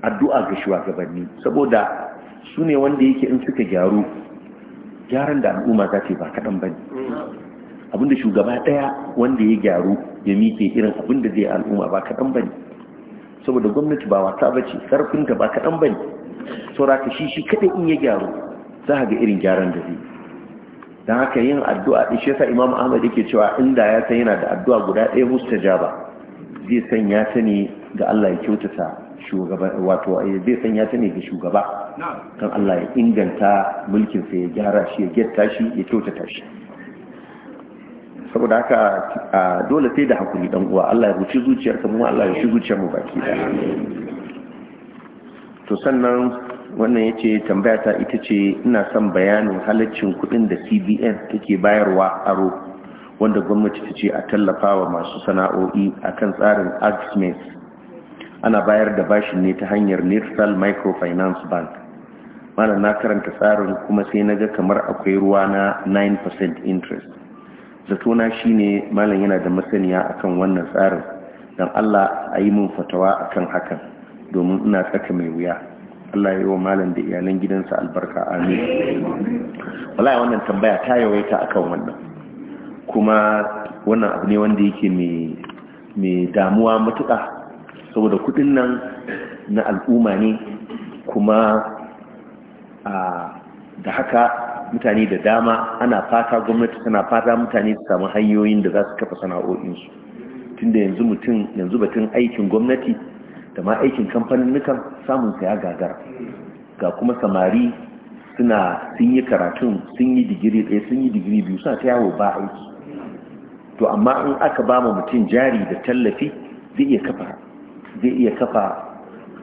addu'a ga shugabanni saboda su ne wanda yake in suka gyaru gyaran da al'umma za ta yi ba kaɗan ba ne abinda shugaba ɗaya wanda ya gyaru ya miƙe irin abin da zai al'umma ba kaɗan ba ne saboda gwamnati ba wata ba ce sarfinta ba kaɗan ba ne sauraka shi shi kaɗai in ya gyaru za ga irin gyaran da zai don haka yin addu'a ishe sa imam ahmad yake cewa inda ya san yana da addu'a guda ɗaya mustajaba zai sanya ta ne ga Allah ya kyautata shugaba wato eh, zai sanya ta ne ga shugaba kan Allah ya inganta mulkin sa ya gyara shi ya gyatta shi ya kyautata shi saboda haka dole sai da hakuri dan uwa Allah ya huci zuciyarka mu Allah ya shi zuciyarmu baki da to sannan wannan ya ce tambaya ta ita ce ina son bayanin halaccin kudin da cbn take bayarwa a ro wanda gwamnati ta ce a tallafa wa masu sana'o'i a kan tsarin agsmith ana bayar da bashin ne ta hanyar nirsal microfinance bank mana na karanta tsarin kuma sai na ga kamar akwai ruwa na 9% interest zatona ne malam yana da masaniya akan wannan tsarin don allah a yi min fatawa akan hakan domin ina tsaka mai wuya Allah ya yi wa malam da iyalan gidansa albarka amin Wala wannan tambaya ta yawaita akan wannan kuma wannan abu ne wanda yake mai damuwa matuka. saboda kudin nan na al'umma ne kuma da haka mutane da dama ana fata gwamnati tana fata mutane su samu hanyoyin da za su kafa sana'o'insu tunda yanzu mutum yanzu batun aikin gwamnati da ma aikin kamfanin nukan samun saya gagar. ga kuma samari suna sun yi karatun sun yi digiri ɗaya sun yi digiri biyu suna ta yawo ba aiki to amma in aka ba mu mutum jari da tallafi zai iya kafa zai iya kafa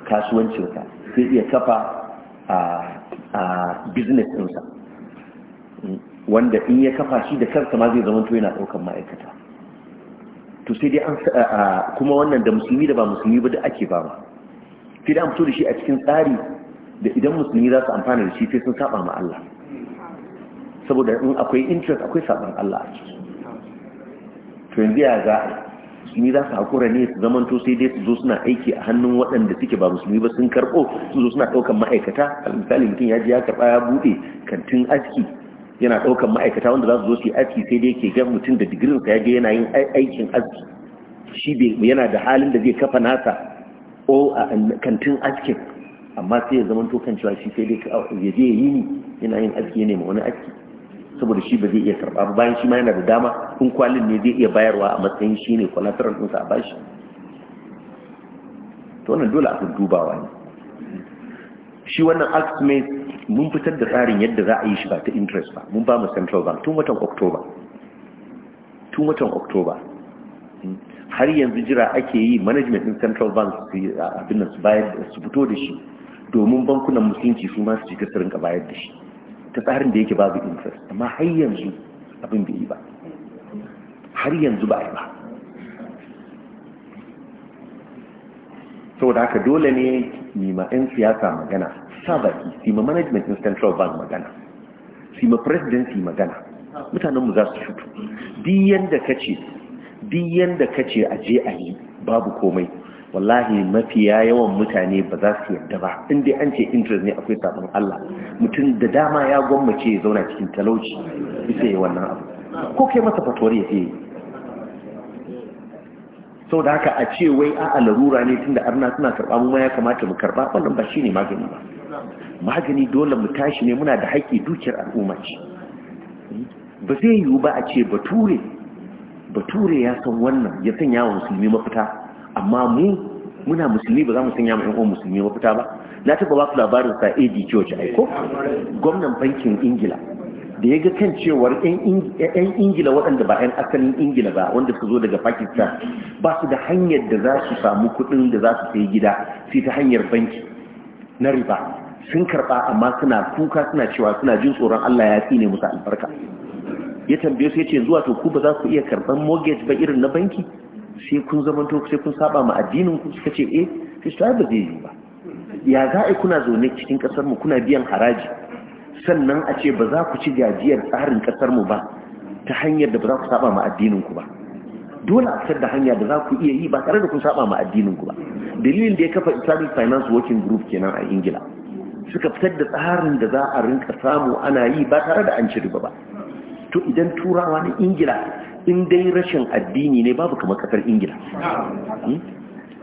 kasuwancinsa zai iya kafa a business ɗinsa wanda in ya kafa shi da kansa ma zai zama to yana ɗaukan ma'aikata to sai dai an kuma wannan da musulmi da ba musulmi ba da ake ba ma sai dai an fito da shi a cikin tsari da idan musulmi za su amfana da shi sai sun saba ma Allah saboda in akwai interest akwai saban Allah a ciki to yanzu ya za a musulmi za su haƙura ne su zaman to sai dai su zo suna aiki a hannun waɗanda suke ba musulmi ba sun karɓo su zo suna ɗaukan ma'aikata a misali mutum ya ji ya karɓa ya buɗe kantin aski yana daukan ma'aikata wanda za su zo su yi aski sai dai ke gan mutum da digirin sa yaje yana yin aikin aski shi yana da halin da zai kafa nasa o a kantin askin amma sai ya zama to kan cewa shi sai dai ya je yi ni yana yin aski ne ma wani aski saboda shi ba zai iya karɓa ba bayan shi ma yana da dama kun kwalin ne zai iya bayarwa a matsayin shi ne kwalatarar ɗinsa a bashi to wannan dole a dubawa ne shi wannan mai mun fitar da tsarin yadda za a yi shi ba ta interest ba mun ba mu central bank tun watan october tun watan october har yanzu jira ake yi management din central bank abin nan su bayar su fito da shi domin bankunan musulunci su ma su ci kasar ka bayar da shi ta tsarin da yake babu interest amma har yanzu abin bai yi ba har yanzu ba yi ba saboda haka dole ne nima 'yan siyasa magana sa baki management in central bank magana sima ma presidency magana mutanenmu za su shuto diyan da kace diyan da kace a je a yi babu komai wallahi mafiya yawan mutane ba za su yarda ba inda an ce interest ne akwai sabon Allah mutum da dama ya gwammace ya zauna cikin talauci bisa yi wannan abu ko kai masa fatori ya yi. sau da haka a ce wai a alarura ne tun da arna suna karɓa mu ya kamata mu karɓa wannan ba shi ne magani ba magani dole mu tashi ne muna da haƙƙi dukiyar al'umma ce ba zai yiwu ba a ce bature bature ya san wannan ya sanya wa musulmi mafita amma mu muna musulmi ba za mu sanya ma'in uwan musulmi mafita ba na taba wasu labarin sa ad george aiko gwamnan bankin ingila da ya ga kan cewar 'yan ingila waɗanda ba 'yan asalin ingila ba wanda su zo daga pakistan ba su da hanyar da za su samu kuɗin da za su sayi gida sai ta hanyar banki na riba sun karɓa amma suna kuka suna cewa suna jin tsoron Allah ya tsine musu albarka ya tambaye su yace zuwa to ku ba za ku iya karɓan mortgage ba irin na banki sai kun zama to sai kun saba ma addinin ku suka ce eh sai ba zai yi ba ya za a kuna zaune cikin kasar mu kuna biyan haraji sannan a ce ba za ku ci gajiyar tsarin kasar mu ba ta hanyar da ba za ku saba ma addinin ku ba dole a fitar da hanya da za ku iya yi ba tare da kun saba ma addinin ku ba dalilin da ya kafa islamic finance working group kenan a ingila suka fitar da tsarin da za a rinka samu ana yi ba tare da an ci riba ba to idan turawa na ingila in dai rashin addini ne babu kamar kasar ingila hmm?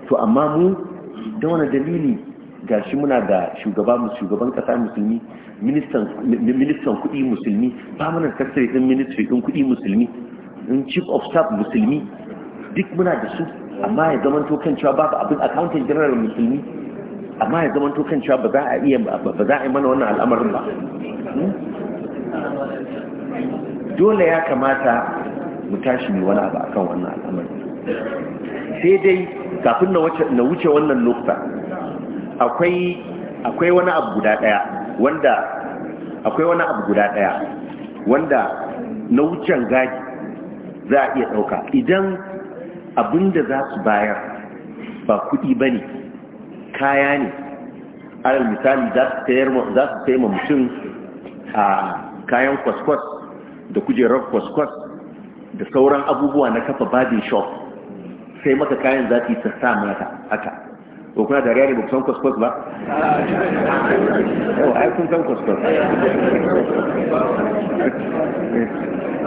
to amma mu da wani dalili gashi muna da shugaba shugaban kasa musulmi ministan kuɗi musulmi ba mana kasar din ministry kuɗi musulmi in chief of staff musulmi duk muna da su amma ya zamanto kan cewa babu abin accountant general musulmi amma ya zamanto kan cewa ba za a iya ba za a yi mana wannan al'amarin ba dole ya kamata mu tashi mai wani abu akan wannan al'amarin sai dai kafin na wuce wannan lokuta akwai akwai wani abu guda daya wanda akwai wani abu guda daya wanda na wucen gaji za a iya ɗauka idan abin da za su bayar ba kuɗi ba ne kaya ne alal misali za su sayar ma mutum a kayan kwaskwas da kujerar kwaskwas da sauran abubuwa na kafa badin shop sai maka kayan za su yi sassa mata haka ko kuna da rari ba kusan kwaskwas ba? yau ai kun san kwaskwas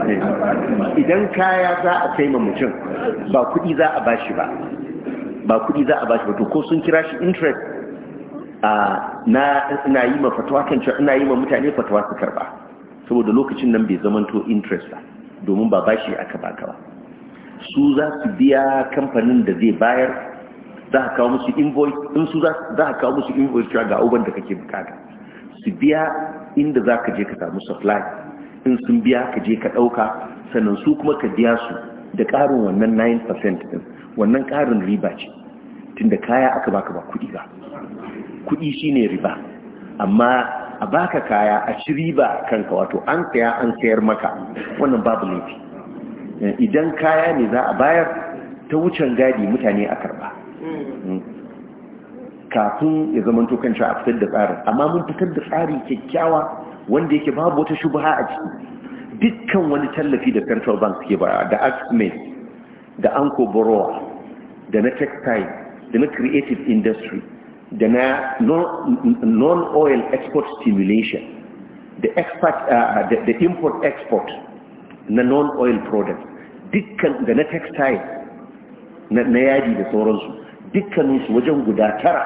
idan kaya za a kai ma mutum ba kuɗi za a bashi ba ba kuɗi za a bashi ba to ko sun kira shi interest na ina yi ma fatawa kan cewa ina yi ma mutane fatawa su karba saboda lokacin nan bai to interest ba domin ba bashi aka baka ba su za su biya kamfanin da zai bayar za a kawo musu invoice in su za a kawo musu invoice cewa ga uban da kake bukata su biya inda za ka je ka samu supply in sun biya ka je ka ɗauka sannan su kuma ka biya su da ƙarin wannan 9% ɗin wannan ƙarin riba ce tunda kaya aka baka ba kuɗi ba kuɗi ne riba amma a baka kaya a ci riba kanka wato an saya an sayar maka wannan babu laifi eh, idan kaya ne za a bayar ta wucin gadi mutane a karba hmm. kafin ya zamanto tokanci a fitar da tsarin amma mun fitar da tsari kyakkyawa wanda yake babu wata shubha a ciki dukkan wani tallafi da central bank ke ba da axmet da anko borowa da na textile da na creative industry da na non-oil export stimulation ah, ah, da import export na non-oil products dukkan da na textile na yadi da sauransu dukkaninsu wajen guda tara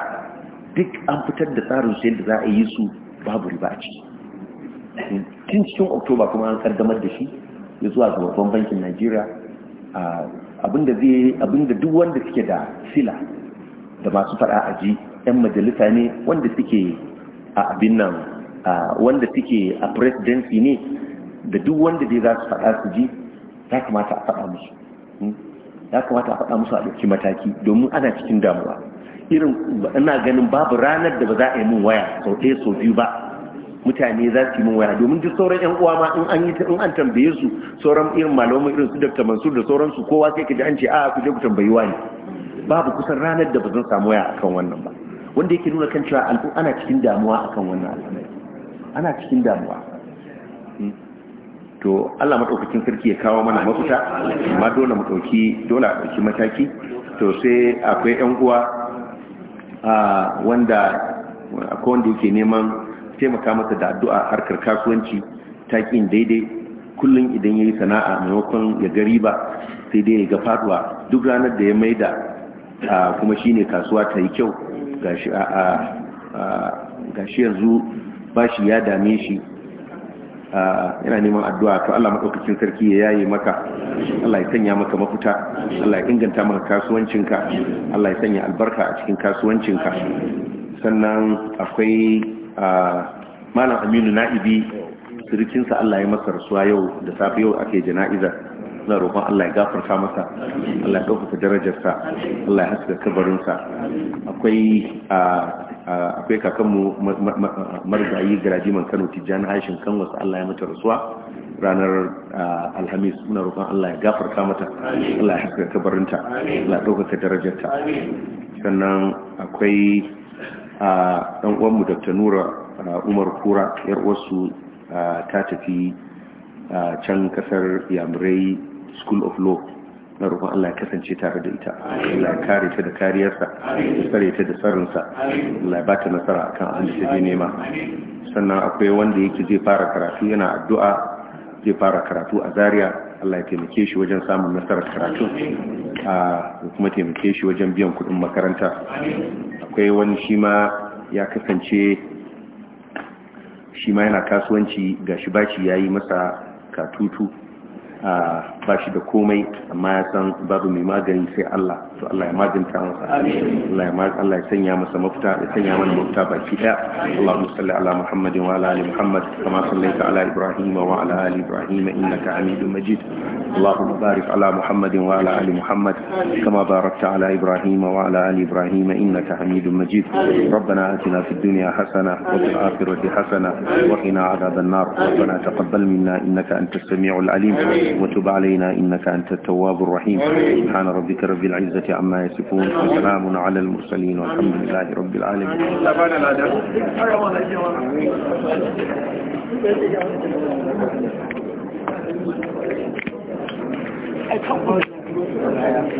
duk an fitar da tsarin sayar da za a yi su babu riba a ciki tun cikin oktoba kuma an kaddamar da shi ya zuwa ga babban bankin najeriya abinda duk wanda suke da sila da masu fada a ji yan majalisa ne wanda suke a abin nan wanda suke a presidency ne da duk wanda dai za su fada su ji ya kamata a fada musu hmm? ya kamata a faɗa musu a ɗauki mataki domin ana cikin damuwa irin ina ganin babu ranar da ba za a yi mun waya sau ɗaya sau biyu ba mutane za su yi min waya domin duk sauran yan uwa ma in an yi in an tambaye su sauran irin malamai irin su Dr. Mansur da sauran su kowa sai kaji an ce a ku je ku tambayi wani babu kusan ranar da ba zan samu waya akan wannan ba wanda yake nuna kan cewa al'umma ana cikin damuwa akan wannan al'amari ana cikin damuwa hmm. to Allah madaukakin sarki ya kawo mana mafita amma dole mu dauki dole a dauki mataki to sai akwai yan uwa a ah, wanda akwai wanda yake neman taimaka masa da addu'a harkar kasuwanci takin daidai kullum idan ya yi sana'a maimakon ya gari ba sai dai ya ga faduwa duk ranar da ya maida kuma shine kasuwa ta yi kyau gashi yanzu bashi ya dame shi yana neman addu'a to Allah maɗaukacin sarki ya yaye maka Allah ya sanya maka mafuta Allah ya inganta maka kasuwancinka Allah ya sanya albarka a cikin kasuwancinka sannan akwai malam aminu na'ibi sirikinsa allah ya masa rasuwa yau da safe yau ake jana'iza na roƙon allah ya gafarta masa allah ya ɗaukaka darajarsa allah ya haska kabarinsa akwai akwai kakanmu marigayi garajiman kano tijjani haishin kan wasu allah ya mata rasuwa ranar alhamis muna roƙon allah ya gafarta mata allah ya haska kabarinta allah ya ɗaukaka darajarta sannan akwai a ɗan uwanmu dr nura umar kura yar wasu ta tafi can kasar yamurai school of law na roƙon Allah ya kasance tare da ita Allah ya kare ta da kariyarsa ya tsare ta da tsarinsa Allah ya ba ta nasara akan kan da ta je nema sannan akwai wanda yake zai fara karatu yana addu'a zai fara karatu a Zaria Allah ya taimake shi wajen samun nasarar karatu a kuma taimake shi wajen biyan kuɗin makaranta akwai wani shi ma ya kasance shi ma yana kasuwanci ga shi baci ya yi masa katutu a ah, ba shi da komai amma ya san babu mai magani sai Allah to Allah ya maganta masa Allah ya Allah ya sanya masa mafita ya sanya mana mafita baki daya Allahumma salli ala Muhammadin wa ala ali Muhammad kama sallaita ala Ibrahim wa ala ali Ibrahim innaka Hamidum Majid Allahumma barik ala Muhammadin wa ala ali Muhammad kama barakta ala Ibrahim wa ala ali Ibrahim innaka Hamidum Majid ربنا آتنا في الدنيا حسنة وفي الآخرة حسنة وقنا عذاب النار ربنا تقبل منا إنك أنت السميع العليم وتب علينا علينا إنك أنت التواب الرحيم سبحان ربك رب العزة عما يصفون وسلام على المرسلين والحمد لله رب العالمين